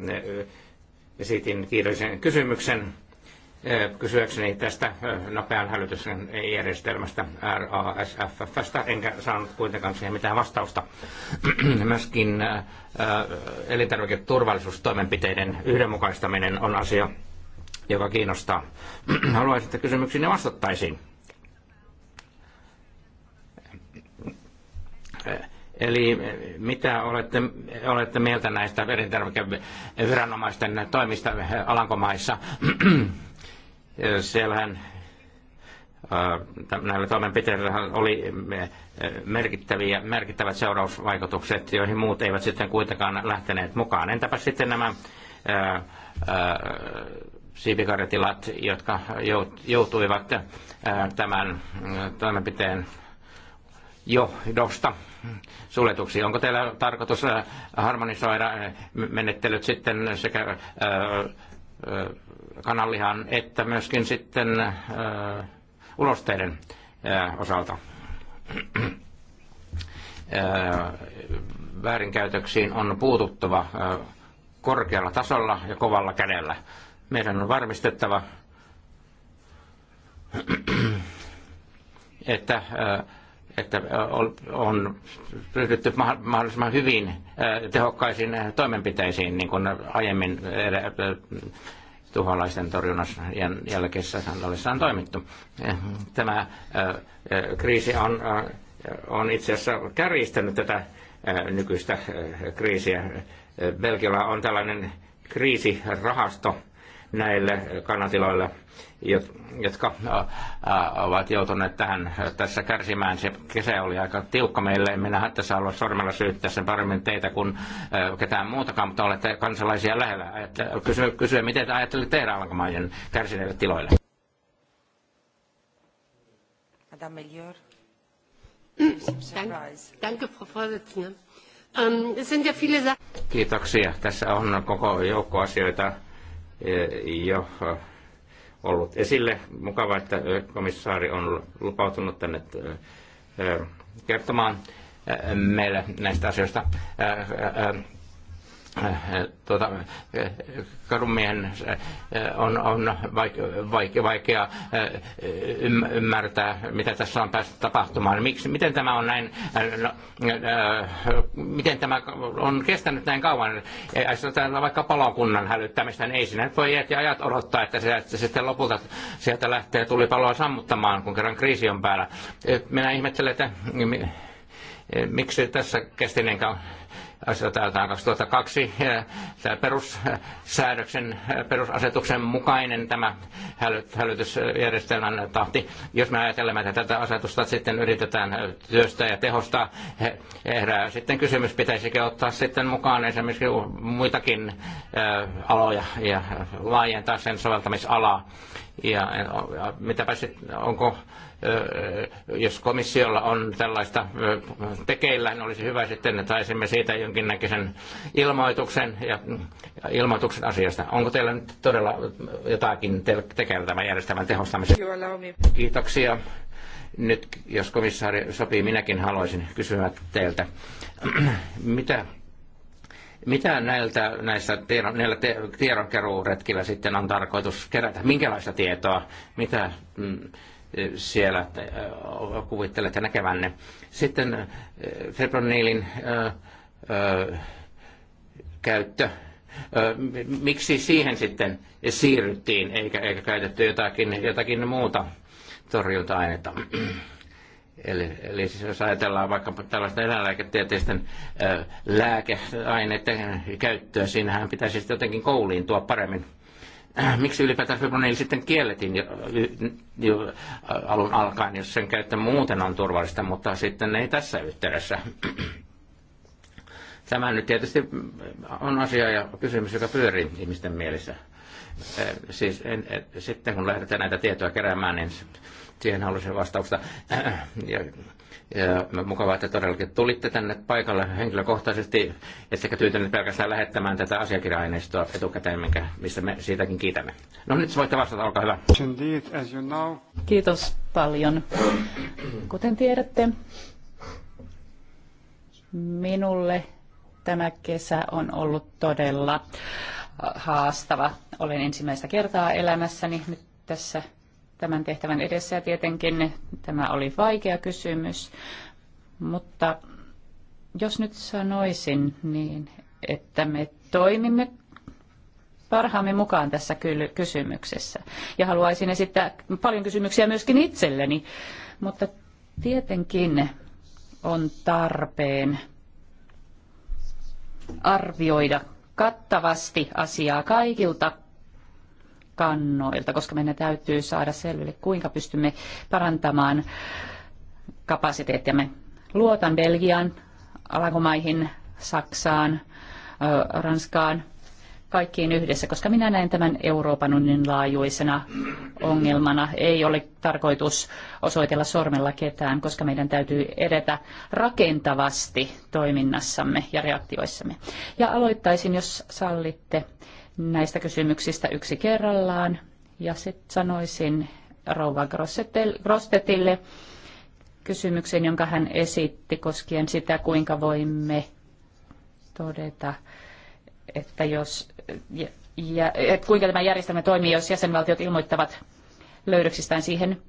esitin kiireisen kysymyksen kysyäkseni tästä nopean hälytyksen järjestelmästä RASFFstä, enkä saanut kuitenkaan siihen mitään vastausta. Myöskin elintarviketurvallisuustoimenpiteiden yhdenmukaistaminen on asia, joka kiinnostaa. Haluaisin, että kysymyksiin ne vastattaisiin. Eli mitä olette, olette mieltä näistä elintarvikeviranomaisten toimista Alankomaissa? Siellähän äh, näillä toimenpiteillä oli äh, merkittäviä, merkittävät seurausvaikutukset, joihin muut eivät sitten kuitenkaan lähteneet mukaan. Entäpä sitten nämä ää, äh, ää, siipikarjatilat, jotka joutuivat tämän toimenpiteen johdosta suljetuksi. Onko teillä tarkoitus äh, harmonisoida äh, menettelyt sitten sekä äh, kananlihan että myöskin sitten ulosteiden osalta? Väärinkäytöksiin on puututtava korkealla tasolla ja kovalla kädellä. Meidän on varmistettava, että että on ryhdytty mahdollisimman hyvin tehokkaisiin toimenpiteisiin, niin kuin aiemmin tuholaisten torjunnassa jälkeisessä sandalissa on toimittu. Tämä kriisi on, on itse asiassa kärjistänyt tätä nykyistä kriisiä. Belgialla on tällainen kriisirahasto, näille kanatiloille, jotka ovat joutuneet tähän tässä kärsimään. Se kesä oli aika tiukka meille. Minä tässä halua sormella syyttää sen paremmin teitä kuin ketään muutakaan, mutta olette kansalaisia lähellä. Kysyä, miten te ajattelitte tehdä alankomaiden kärsineille tiloille? Madame Melior. Mm, ähm, Kiitoksia. Tässä on koko joukko asioita, E, jo ollut esille. Mukava, että komissaari on lupautunut tänne kertomaan meille näistä asioista tuota, kadumiehen eh, on, on vaikea, vaikea eh, ymmärtää, mitä tässä on päästy tapahtumaan. Miksi, miten tämä on näin, eh, no, miten tämä on kestänyt näin kauan? vaikka palokunnan hälyttämistä, niin ei sinä voi jäädä ajat odottaa, että se, että sitten lopulta sieltä lähtee tuli paloa sammuttamaan, kun kerran kriisi on päällä. Minä ihmettelen, että miksi tässä kesti niin kauan 2002 eh, tämä perussäädöksen, eh, perusasetuksen mukainen tämä hälytysjärjestelmän tahti. Jos me ajatellaan, että tätä asetusta sitten yritetään eh, työstää ja tehostaa, herää sitten kysymys, pitäisikö ottaa sitten mukaan esimerkiksi muitakin aloja ja laajentaa sen soveltamisalaa. Ja mitäpä sitten, onko jos komissiolla on tällaista tekeillä, niin olisi hyvä sitten, että saisimme siitä jonkinnäköisen ilmoituksen ja ilmoituksen asiasta. Onko teillä nyt todella jotakin tekeillä tämän järjestelmän tehostamisen? Kiitoksia. Nyt, jos komissaari sopii, minäkin haluaisin kysyä teiltä, mitä mitä näiltä, näistä tiedon, näillä te, tiedonkeruuretkillä sitten on tarkoitus kerätä? Minkälaista tietoa? Mitä, mm, siellä kuvittelette näkevänne. Sitten fipronilin käyttö. Miksi siihen sitten siirryttiin, eikä, eikä käytetty jotakin, jotakin muuta torjunta-ainetta? Eli, eli siis jos ajatellaan vaikka tällaista eläinlääketieteisten lääkeaineiden käyttöä, siinähän pitäisi jotenkin kouliin tuo paremmin Äh, miksi ylipäätään fibronil sitten kielletin jo, jo, äh, alun alkaen, jos sen käyttö muuten on turvallista, mutta sitten ei tässä yhteydessä. Tämä nyt tietysti on asia ja kysymys, joka pyörii ihmisten mielessä. Äh, siis en, et, sitten kun lähdetään näitä tietoja keräämään, niin siihen haluaisin vastausta. Ja ja mukavaa, että todellakin tulitte tänne paikalle henkilökohtaisesti, ettekä tyytynyt pelkästään lähettämään tätä asiakirja-aineistoa etukäteen, minkä, mistä me siitäkin kiitämme. No nyt voitte vastata, olkaa hyvä. Kiitos paljon. Kuten tiedätte, minulle tämä kesä on ollut todella haastava. Olen ensimmäistä kertaa elämässäni nyt tässä tämän tehtävän edessä ja tietenkin tämä oli vaikea kysymys, mutta jos nyt sanoisin niin, että me toimimme parhaamme mukaan tässä kysymyksessä. Ja haluaisin esittää paljon kysymyksiä myöskin itselleni, mutta tietenkin on tarpeen arvioida kattavasti asiaa kaikilta kannoilta, koska meidän täytyy saada selville, kuinka pystymme parantamaan kapasiteettiamme. Luotan Belgian, Alankomaihin, Saksaan, Ranskaan, kaikkiin yhdessä, koska minä näen tämän Euroopan unionin laajuisena ongelmana. Ei ole tarkoitus osoitella sormella ketään, koska meidän täytyy edetä rakentavasti toiminnassamme ja reaktioissamme. Ja aloittaisin, jos sallitte, näistä kysymyksistä yksi kerrallaan. Ja sitten sanoisin rouva Grostetille kysymyksen, jonka hän esitti koskien sitä, kuinka voimme todeta, että jos, ja, ja, et kuinka tämä järjestelmä toimii, jos jäsenvaltiot ilmoittavat löydöksistään siihen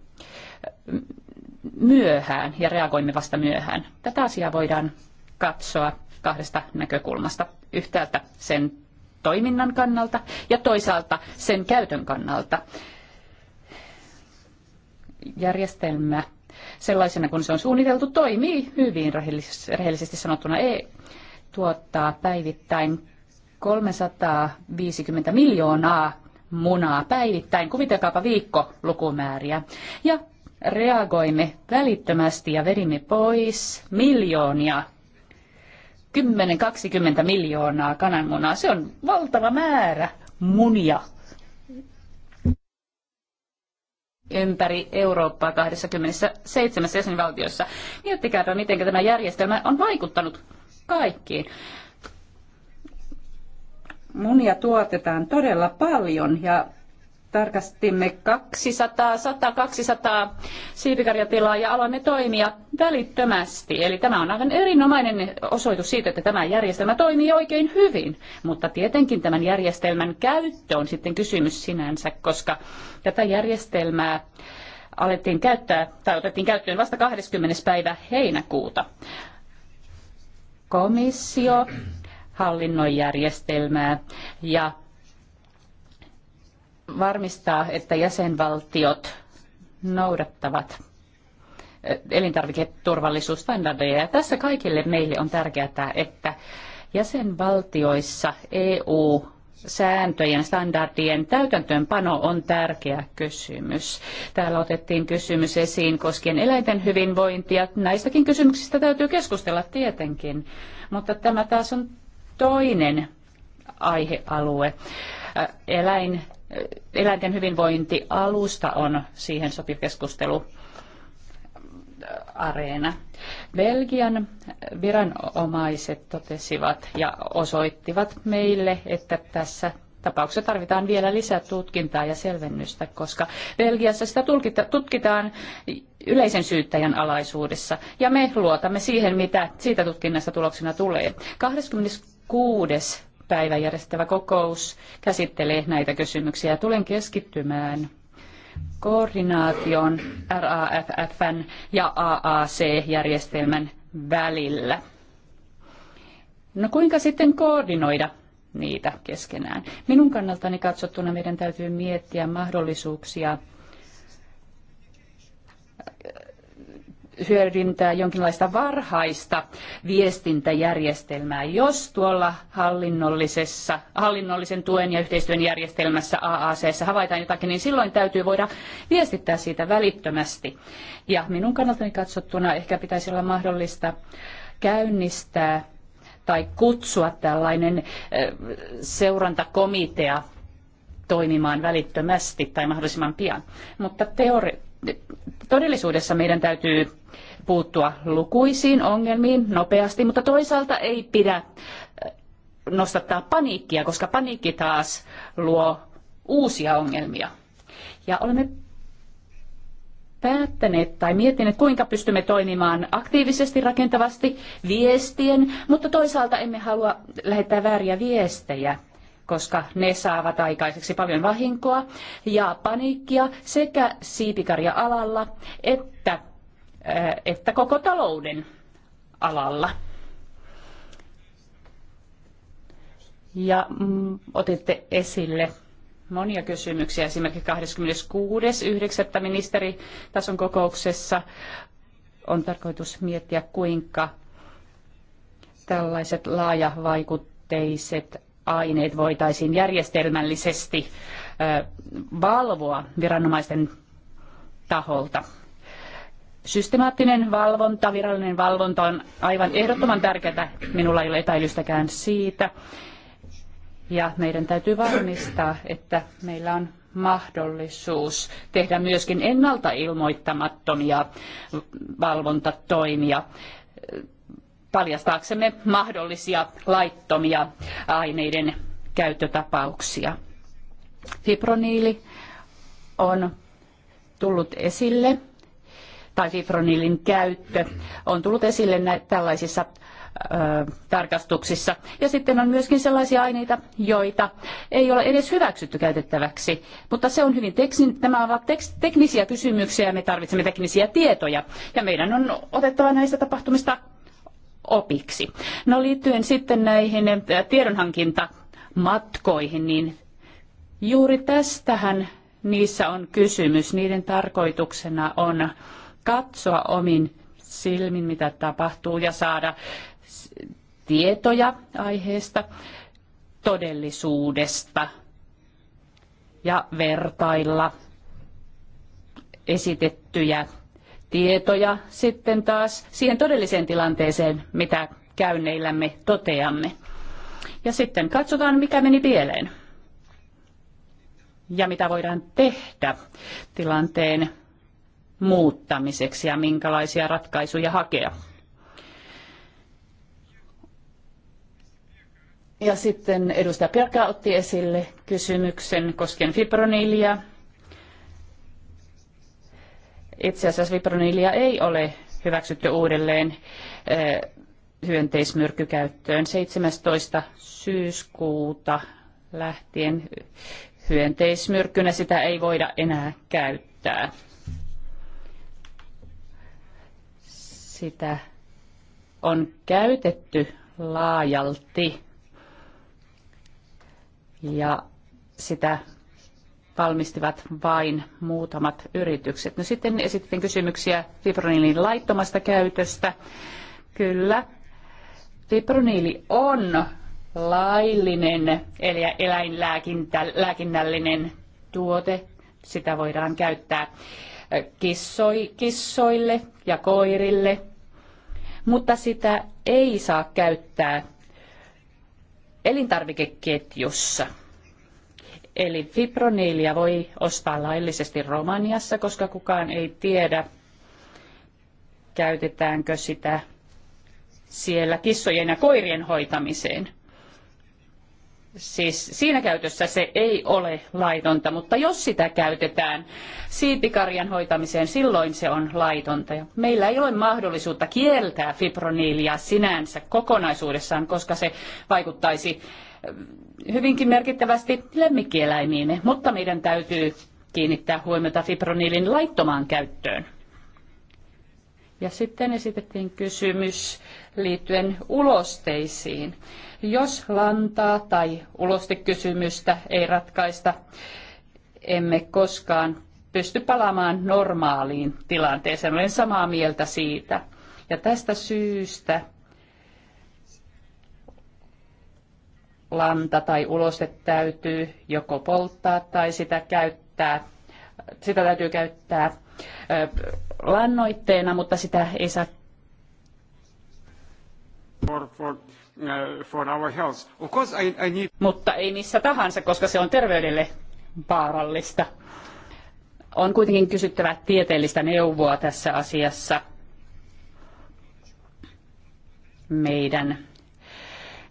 myöhään ja reagoimme vasta myöhään. Tätä asiaa voidaan katsoa kahdesta näkökulmasta. Yhtäältä sen toiminnan kannalta ja toisaalta sen käytön kannalta. Järjestelmä sellaisena kuin se on suunniteltu toimii hyvin rehellisesti sanottuna. Ei tuottaa päivittäin 350 miljoonaa munaa päivittäin. Kuvitelkaapa viikkolukumääriä. Ja reagoimme välittömästi ja vedimme pois miljoonia 10-20 miljoonaa kananmunaa. Se on valtava määrä munia ympäri Eurooppaa 27 jäsenvaltiossa. Miettikääpä, miten tämä järjestelmä on vaikuttanut kaikkiin. Munia tuotetaan todella paljon ja tarkastimme 200, 100, 200 siipikarjatilaa ja aloimme toimia välittömästi. Eli tämä on aivan erinomainen osoitus siitä, että tämä järjestelmä toimii oikein hyvin. Mutta tietenkin tämän järjestelmän käyttö on sitten kysymys sinänsä, koska tätä järjestelmää alettiin käyttää, tai otettiin käyttöön vasta 20. päivä heinäkuuta. Komissio hallinnoi järjestelmää ja varmistaa, että jäsenvaltiot noudattavat eh, elintarviketurvallisuusstandardeja. Ja tässä kaikille meille on tärkeää, että jäsenvaltioissa EU sääntöjen, standardien täytäntöönpano on tärkeä kysymys. Täällä otettiin kysymys esiin koskien eläinten hyvinvointia. Näistäkin kysymyksistä täytyy keskustella tietenkin, mutta tämä taas on toinen aihealue. Eläin eläinten hyvinvointialusta on siihen sopiva keskustelu areena. Belgian viranomaiset totesivat ja osoittivat meille, että tässä tapauksessa tarvitaan vielä lisää tutkintaa ja selvennystä, koska Belgiassa sitä tutkitaan yleisen syyttäjän alaisuudessa. Ja me luotamme siihen, mitä siitä tutkinnasta tuloksena tulee. 26 päivä järjestävä kokous käsittelee näitä kysymyksiä. Tulen keskittymään koordinaation RAFFn ja AAC-järjestelmän välillä. No kuinka sitten koordinoida niitä keskenään? Minun kannaltani katsottuna meidän täytyy miettiä mahdollisuuksia hyödyntää jonkinlaista varhaista viestintäjärjestelmää, jos tuolla hallinnollisessa, hallinnollisen tuen ja yhteistyön järjestelmässä AAC havaitaan jotakin, niin silloin täytyy voida viestittää siitä välittömästi. Ja minun kannaltani katsottuna ehkä pitäisi olla mahdollista käynnistää tai kutsua tällainen seurantakomitea toimimaan välittömästi tai mahdollisimman pian. Mutta teori- todellisuudessa meidän täytyy puuttua lukuisiin ongelmiin nopeasti, mutta toisaalta ei pidä äh, nostattaa paniikkia, koska paniikki taas luo uusia ongelmia. Ja olemme päättäneet tai miettineet, kuinka pystymme toimimaan aktiivisesti, rakentavasti viestien, mutta toisaalta emme halua lähettää vääriä viestejä koska ne saavat aikaiseksi paljon vahinkoa ja paniikkia sekä siipikarja-alalla että että koko talouden alalla. Ja mm, otitte esille monia kysymyksiä. Esimerkiksi 26.9. ministeritason kokouksessa on tarkoitus miettiä, kuinka tällaiset laajavaikutteiset aineet voitaisiin järjestelmällisesti valvoa viranomaisten taholta systemaattinen valvonta, virallinen valvonta on aivan ehdottoman tärkeää. Minulla ei ole epäilystäkään siitä. Ja meidän täytyy varmistaa, että meillä on mahdollisuus tehdä myöskin ennalta ilmoittamattomia valvontatoimia paljastaaksemme mahdollisia laittomia aineiden käyttötapauksia. Fibroniili on tullut esille tai fipronilin käyttö on tullut esille nä- tällaisissa tarkastuksissa. Ja sitten on myöskin sellaisia aineita, joita ei ole edes hyväksytty käytettäväksi. Mutta se on hyvin nämä ovat teknisiä kysymyksiä ja me tarvitsemme teknisiä tietoja. Ja meidän on otettava näistä tapahtumista opiksi. No liittyen sitten näihin tiedonhankintamatkoihin, niin juuri tästähän niissä on kysymys. Niiden tarkoituksena on katsoa omin silmin, mitä tapahtuu ja saada tietoja aiheesta, todellisuudesta ja vertailla esitettyjä tietoja sitten taas siihen todelliseen tilanteeseen, mitä käynneillämme toteamme. Ja sitten katsotaan, mikä meni pieleen ja mitä voidaan tehdä tilanteen muuttamiseksi ja minkälaisia ratkaisuja hakea. Ja sitten edustaja Pirkka otti esille kysymyksen koskien fibronilia. Itse asiassa fibronilia ei ole hyväksytty uudelleen eh, hyönteismyrkkykäyttöön 17. syyskuuta lähtien hyönteismyrkkynä sitä ei voida enää käyttää. Sitä on käytetty laajalti ja sitä valmistivat vain muutamat yritykset. No sitten esitettiin kysymyksiä fibroniilin laittomasta käytöstä. Kyllä, fibroniili on laillinen eli eläinlääkinnällinen tuote. Sitä voidaan käyttää kissoi, kissoille ja koirille mutta sitä ei saa käyttää elintarvikeketjussa. Eli fibroniilia voi ostaa laillisesti Romaniassa, koska kukaan ei tiedä, käytetäänkö sitä siellä kissojen ja koirien hoitamiseen – Siis siinä käytössä se ei ole laitonta, mutta jos sitä käytetään siipikarjan hoitamiseen, silloin se on laitonta. Meillä ei ole mahdollisuutta kieltää fibroniilia sinänsä kokonaisuudessaan, koska se vaikuttaisi eh, hyvinkin merkittävästi lemmikkieläimiin, mutta meidän täytyy kiinnittää huomiota fibroniilin laittomaan käyttöön. Ja sitten esitettiin kysymys liittyen ulosteisiin. Jos lantaa tai ulostekysymystä ei ratkaista, emme koskaan pysty palaamaan normaaliin tilanteeseen. Olen samaa mieltä siitä. Ja tästä syystä lanta tai uloste täytyy joko polttaa tai sitä käyttää, sitä täytyy käyttää lannoitteena, mutta sitä ei saa Uh, for our health. Of course I, I need... Mutta ei missä tahansa, koska se on terveydelle vaarallista. On kuitenkin kysyttävä tieteellistä neuvoa tässä asiassa meidän,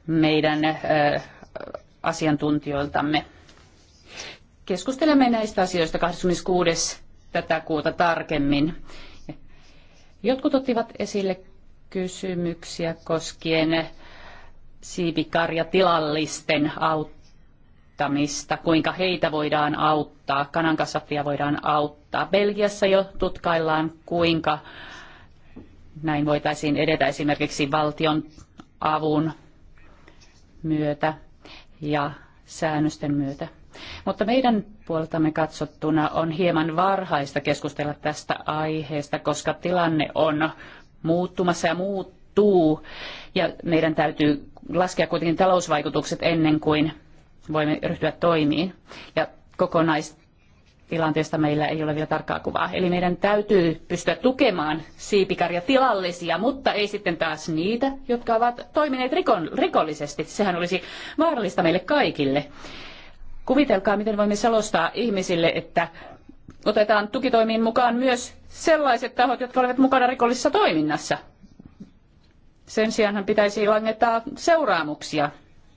meidän ö, asiantuntijoiltamme. Keskustelemme näistä asioista 26. tätä kuuta tarkemmin. Jotkut ottivat esille kysymyksiä koskien siipikarjatilallisten auttamista, kuinka heitä voidaan auttaa, kanankasvattajia voidaan auttaa. Belgiassa jo tutkaillaan, kuinka näin voitaisiin edetä esimerkiksi valtion avun myötä ja säännösten myötä. Mutta meidän puoltamme katsottuna on hieman varhaista keskustella tästä aiheesta, koska tilanne on muuttumassa ja muut Tuu ja meidän täytyy laskea kuitenkin talousvaikutukset ennen kuin voimme ryhtyä toimiin. Ja kokonaistilanteesta meillä ei ole vielä tarkkaa kuvaa. Eli meidän täytyy pystyä tukemaan siipikarjatilallisia, mutta ei sitten taas niitä, jotka ovat toimineet rikon, rikollisesti. Sehän olisi vaarallista meille kaikille. Kuvitelkaa, miten voimme selostaa ihmisille, että otetaan tukitoimiin mukaan myös sellaiset tahot, jotka olivat mukana rikollisessa toiminnassa. Sen sijaan hän pitäisi langettaa seuraamuksia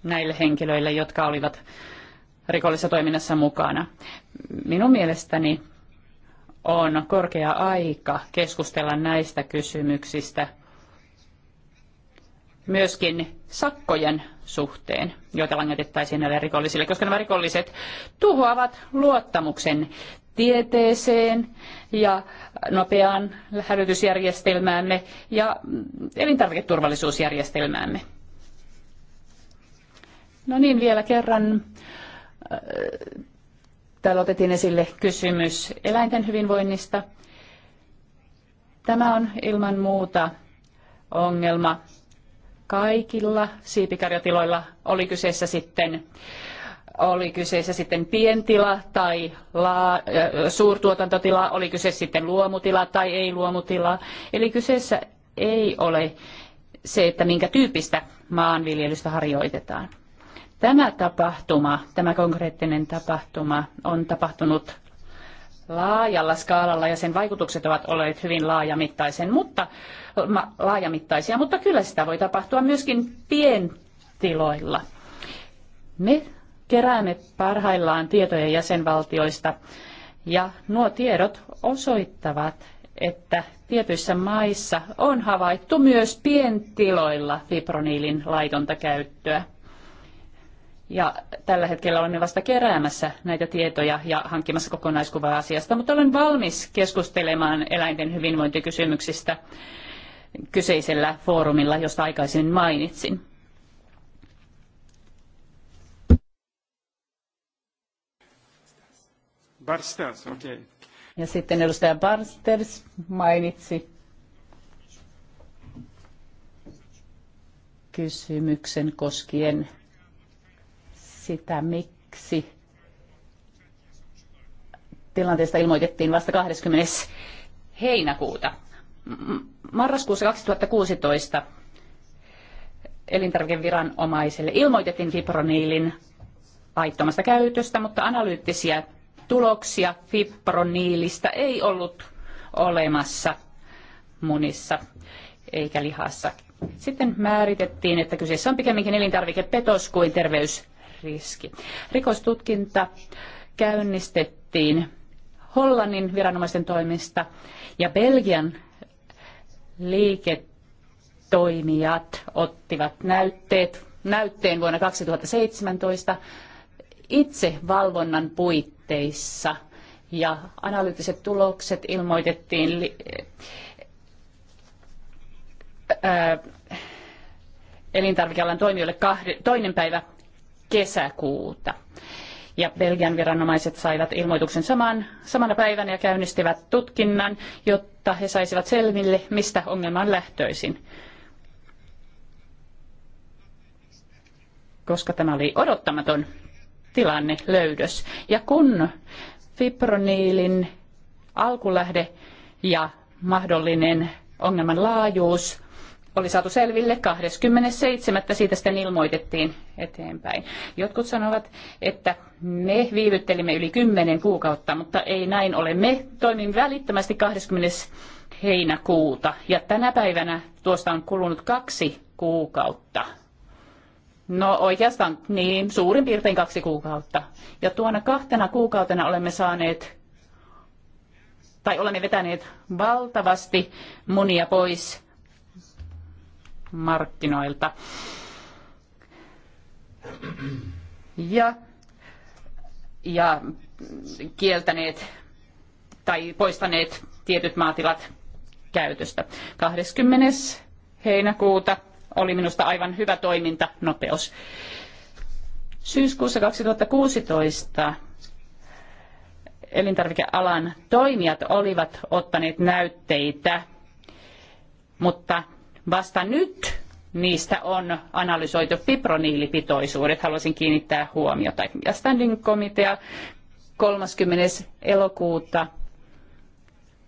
näille henkilöille, jotka olivat rikollisessa toiminnassa mukana. Minun mielestäni on korkea aika keskustella näistä kysymyksistä myöskin sakkojen suhteen, joita langetettaisiin näille rikollisille, koska nämä rikolliset tuhoavat luottamuksen tieteeseen ja nopeaan hälytysjärjestelmäämme ja elintarviketurvallisuusjärjestelmäämme. No niin, vielä kerran. Täällä otettiin esille kysymys eläinten hyvinvoinnista. Tämä on ilman muuta ongelma kaikilla siipikarjatiloilla, oli kyseessä sitten oli kyseessä sitten pientila tai äh, suurtuotantotila, oli kyse sitten luomutila tai ei-luomutila. Eli kyseessä ei ole se, että minkä tyyppistä maanviljelystä harjoitetaan. Tämä tapahtuma, tämä konkreettinen tapahtuma on tapahtunut laajalla skaalalla ja sen vaikutukset ovat olleet hyvin laajamittaisen, mutta, laajamittaisia, mutta kyllä sitä voi tapahtua myöskin pientiloilla. Me keräämme parhaillaan tietoja jäsenvaltioista ja nuo tiedot osoittavat, että tietyissä maissa on havaittu myös pientiloilla fibroniilin laitonta käyttöä. Ja tällä hetkellä olemme vasta keräämässä näitä tietoja ja hankkimassa kokonaiskuvaa asiasta, mutta olen valmis keskustelemaan eläinten hyvinvointikysymyksistä kyseisellä foorumilla, josta aikaisemmin mainitsin. Barsters, okei. Okay. Ja sitten edustaja Barsters mainitsi kysymyksen koskien sitä, miksi tilanteesta ilmoitettiin vasta 20. heinäkuuta. Marraskuussa 2016 elintarvikeviranomaiselle ilmoitettiin fipronilin laittomasta käytöstä, mutta analyyttisiä tuloksia fibroniilista ei ollut olemassa munissa eikä lihassa. Sitten määritettiin, että kyseessä on pikemminkin elintarvikepetos kuin terveysriski. Rikostutkinta käynnistettiin Hollannin viranomaisten toimista ja Belgian liiketoimijat ottivat näytteet, näytteen vuonna 2017 itse valvonnan puitteissa ja analyyttiset tulokset ilmoitettiin li- ää, elintarvikealan toimijoille kahde- toinen päivä kesäkuuta. Ja Belgian viranomaiset saivat ilmoituksen saman, samana päivänä ja käynnistivät tutkinnan, jotta he saisivat selville, mistä ongelma on lähtöisin. Koska tämä oli odottamaton tilanne, löydös. Ja kun fibroniilin alkulähde ja mahdollinen ongelman laajuus oli saatu selville 27. Siitä sitten ilmoitettiin eteenpäin. Jotkut sanovat, että me viivyttelimme yli 10 kuukautta, mutta ei näin ole. Me toimin välittömästi 20. heinäkuuta ja tänä päivänä tuosta on kulunut kaksi kuukautta. No oikeastaan niin, suurin piirtein kaksi kuukautta. Ja tuona kahtena kuukautena olemme saaneet, tai olemme vetäneet valtavasti monia pois markkinoilta. Ja, ja kieltäneet tai poistaneet tietyt maatilat käytöstä. 20. heinäkuuta oli minusta aivan hyvä toiminta, nopeus. Syyskuussa 2016 elintarvikealan toimijat olivat ottaneet näytteitä, mutta vasta nyt niistä on analysoitu fibroniilipitoisuudet. Haluaisin kiinnittää huomiota. Ja Standing komitea 30. elokuuta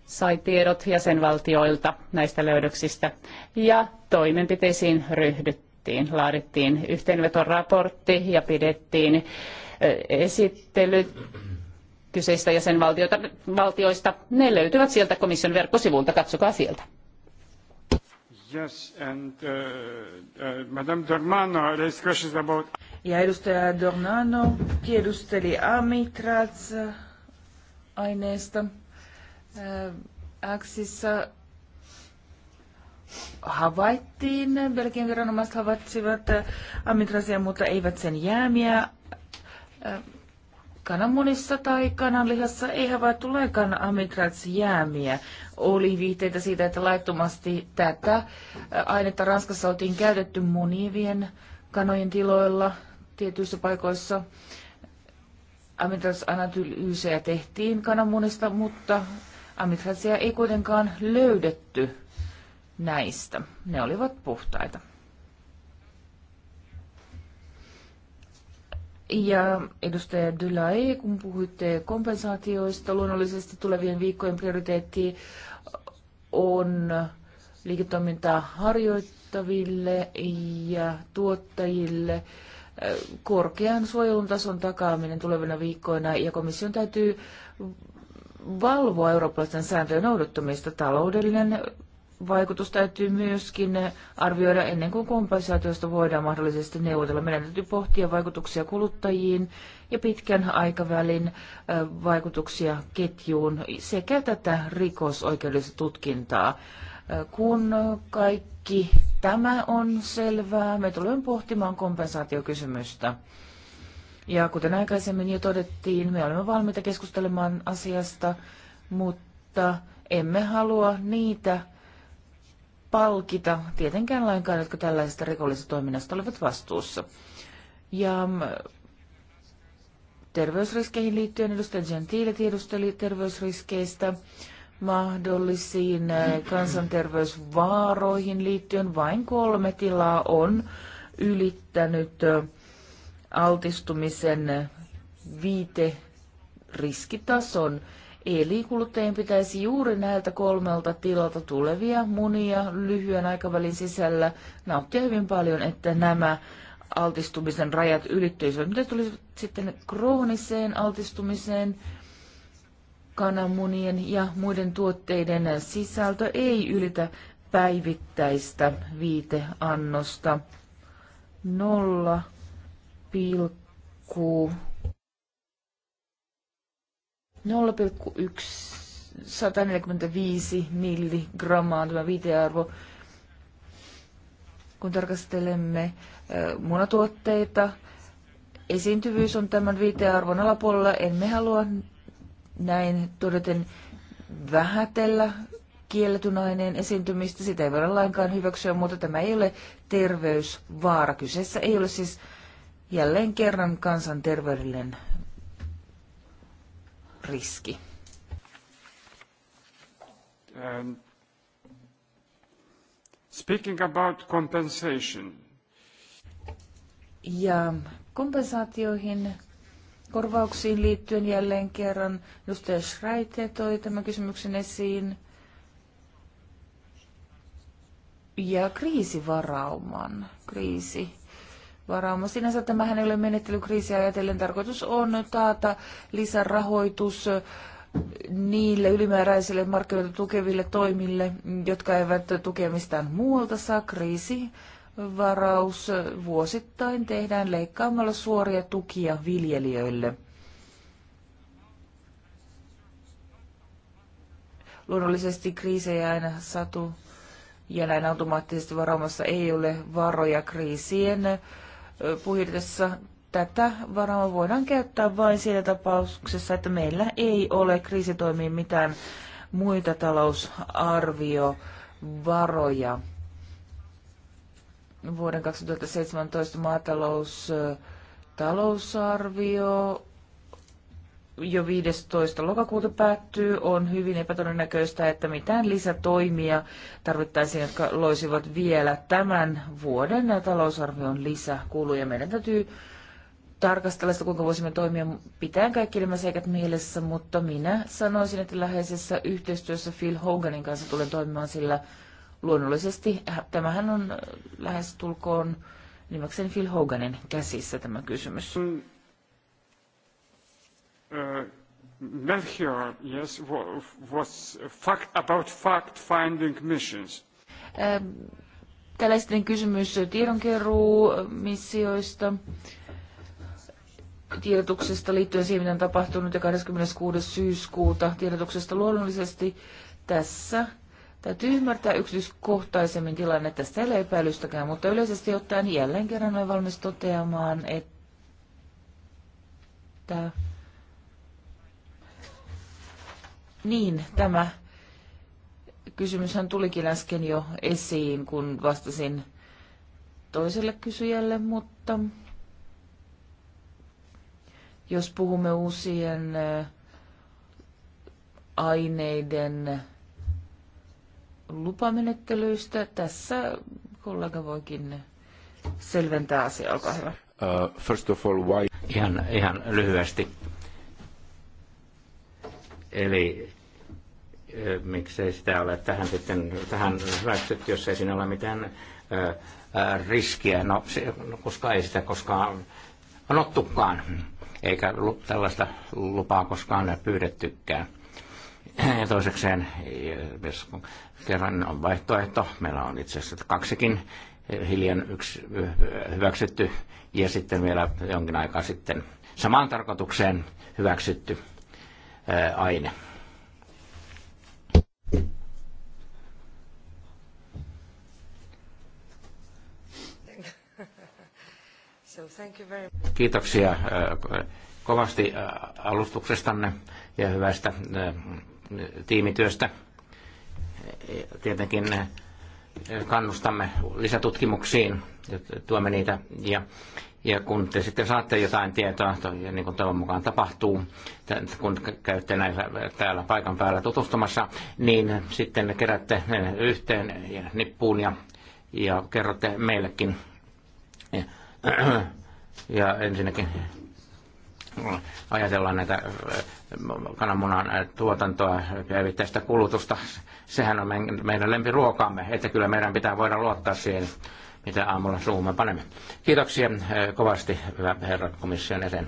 sai tiedot jäsenvaltioilta näistä löydöksistä ja toimenpiteisiin ryhdyttiin. Laadittiin yhteenvetoraportti ja pidettiin esittely kyseistä jäsenvaltioista. Ne löytyvät sieltä komission verkkosivulta, katsokaa sieltä. Yes, and, uh, uh, Madame Dormano raised questions about... Ja edustaja Dornano tiedusteli Amitraz-aineesta. Aksissa havaittiin, Belgian viranomaiset havaitsivat amitrasia, mutta eivät sen jäämiä. Kananmunissa tai kananlihassa ei havaittu lainkaan amitratsjäämiä. Oli viitteitä siitä, että laittomasti tätä ainetta Ranskassa oltiin käytetty munivien kanojen tiloilla tietyissä paikoissa. Amitratsanatyylyysiä tehtiin kananmunista, mutta Amitrasia ei kuitenkaan löydetty näistä. Ne olivat puhtaita. Ja edustaja Dylai, kun puhuitte kompensaatioista, luonnollisesti tulevien viikkojen prioriteetti on liiketoimintaa harjoittaville ja tuottajille korkean suojelun tason takaaminen tulevina viikkoina ja komission täytyy valvoa eurooppalaisten sääntöjen noudattamista. Taloudellinen vaikutus täytyy myöskin arvioida ennen kuin kompensaatiosta voidaan mahdollisesti neuvotella. Meidän täytyy pohtia vaikutuksia kuluttajiin ja pitkän aikavälin vaikutuksia ketjuun sekä tätä rikosoikeudellista tutkintaa. Kun kaikki tämä on selvää, me tulemme pohtimaan kompensaatiokysymystä. Ja kuten aikaisemmin jo todettiin, me olemme valmiita keskustelemaan asiasta, mutta emme halua niitä palkita tietenkään lainkaan, jotka tällaisesta rikollisesta toiminnasta olivat vastuussa. Ja mm, terveysriskeihin liittyen edustaja Gentile tiedusteli terveysriskeistä mahdollisiin äh, kansanterveysvaaroihin liittyen vain kolme tilaa on ylittänyt äh, altistumisen viite riskitason. Eli kuluttajien pitäisi juuri näiltä kolmelta tilalta tulevia munia lyhyen aikavälin sisällä nauttia hyvin paljon, että nämä altistumisen rajat ylittyisivät. Mitä tuli sitten krooniseen altistumiseen? Kananmunien ja muiden tuotteiden sisältö ei ylitä päivittäistä viiteannosta. Nolla pilkku 0,145 milligrammaa tämä viitearvo. Kun tarkastelemme munatuotteita, esiintyvyys on tämän viitearvon alapuolella. Emme halua näin todeten vähätellä kielletyn aineen esiintymistä. Sitä ei voida lainkaan hyväksyä, mutta tämä ei ole terveysvaara. Kyseessä ei ole siis äh, jälleen kerran kansanterveydellinen riski? Um, speaking about compensation. Ja kompensaatioihin korvauksiin liittyen jälleen kerran. Edustaja Schreite toi tämän kysymyksen esiin. Ja kriisivarauman, kriisi varauma. Sinänsä tämähän ei ole menettelykriisiä ajatellen. Tarkoitus on taata lisärahoitus niille ylimääräisille markkinoita tukeville toimille, jotka eivät tukemistaan muualta saa kriisi. Varaus vuosittain tehdään leikkaamalla suoria tukia viljelijöille. Luonnollisesti kriisejä aina satu ja näin automaattisesti varaamassa ei ole varoja kriisien puhjudessa tätä varaa voidaan käyttää vain siinä tapauksessa, että meillä ei ole kriisitoimiin mitään muita talousarviovaroja. Vuoden 2017 maatalous talousarvio jo 15. lokakuuta päättyy, on hyvin epätodennäköistä, että mitään lisätoimia tarvittaisiin, jotka loisivat vielä tämän vuoden talousarvion lisäkuluja. Meidän täytyy tarkastella sitä, kuinka voisimme toimia pitäen kaikki nämä seikat mielessä, mutta minä sanoisin, että läheisessä yhteistyössä Phil Hoganin kanssa tulen toimimaan, sillä luonnollisesti tämähän on lähes tulkoon nimekseen Phil Hoganin käsissä tämä kysymys. Mm. Uh, Melchior, yes, was fact about fact-finding missions. Ähm, Tällaisten kysymys tiedonkeruu missioista, tiedotuksesta liittyen siihen, mitä on tapahtunut ja 26. syyskuuta tiedotuksesta luonnollisesti tässä. Täytyy ymmärtää yksityiskohtaisemmin tilanne, tästä ei ole epäilystäkään, mutta yleisesti ottaen jälleen kerran olen valmis toteamaan, että Niin, tämä kysymyshän tulikin äsken jo esiin, kun vastasin toiselle kysyjälle, mutta jos puhumme uusien äh, aineiden lupamenettelyistä, tässä kollega voikin selventää asiaa, olkaa hyvä. Uh, first of all, why... Ihan, ihan lyhyesti. Eli Eh, miksei sitä ole tähän sitten tähän hyväksytty, jos ei siinä ole mitään ö, eh, ö, eh, riskiä. No, se, no, koska ei sitä koskaan anottukaan, eikä tällaista lupaa koskaan pyydettykään. Ja toisekseen, jos kerran on vaihtoehto, meillä on itse asiassa kaksikin hiljan yksi hyväksytty ja sitten vielä jonkin aikaa sitten samaan tarkoitukseen hyväksytty aine. Kiitoksia äh, kovasti äh, alustuksestanne ja hyvästä äh, tiimityöstä. Tietenkin kannustamme lisätutkimuksiin, tuomme niitä ja, ja kun te sitten saatte jotain tietoa, ja niin kuin toivon mukaan tapahtuu, kun käytte näillä täällä paikan päällä tutustumassa, niin sitten kerätte yhteen nippuun ja, ja kerrotte meillekin. Ja, ja ensinnäkin ajatellaan näitä eh, kananmunan eh, tuotantoa ja kulutusta. Sehän on meidän lempiruokamme, että kyllä meidän pitää voida luottaa siihen, mitä aamulla suuhumme panemme. Kiitoksia eh, kovasti, hyvä herra komission jäsen.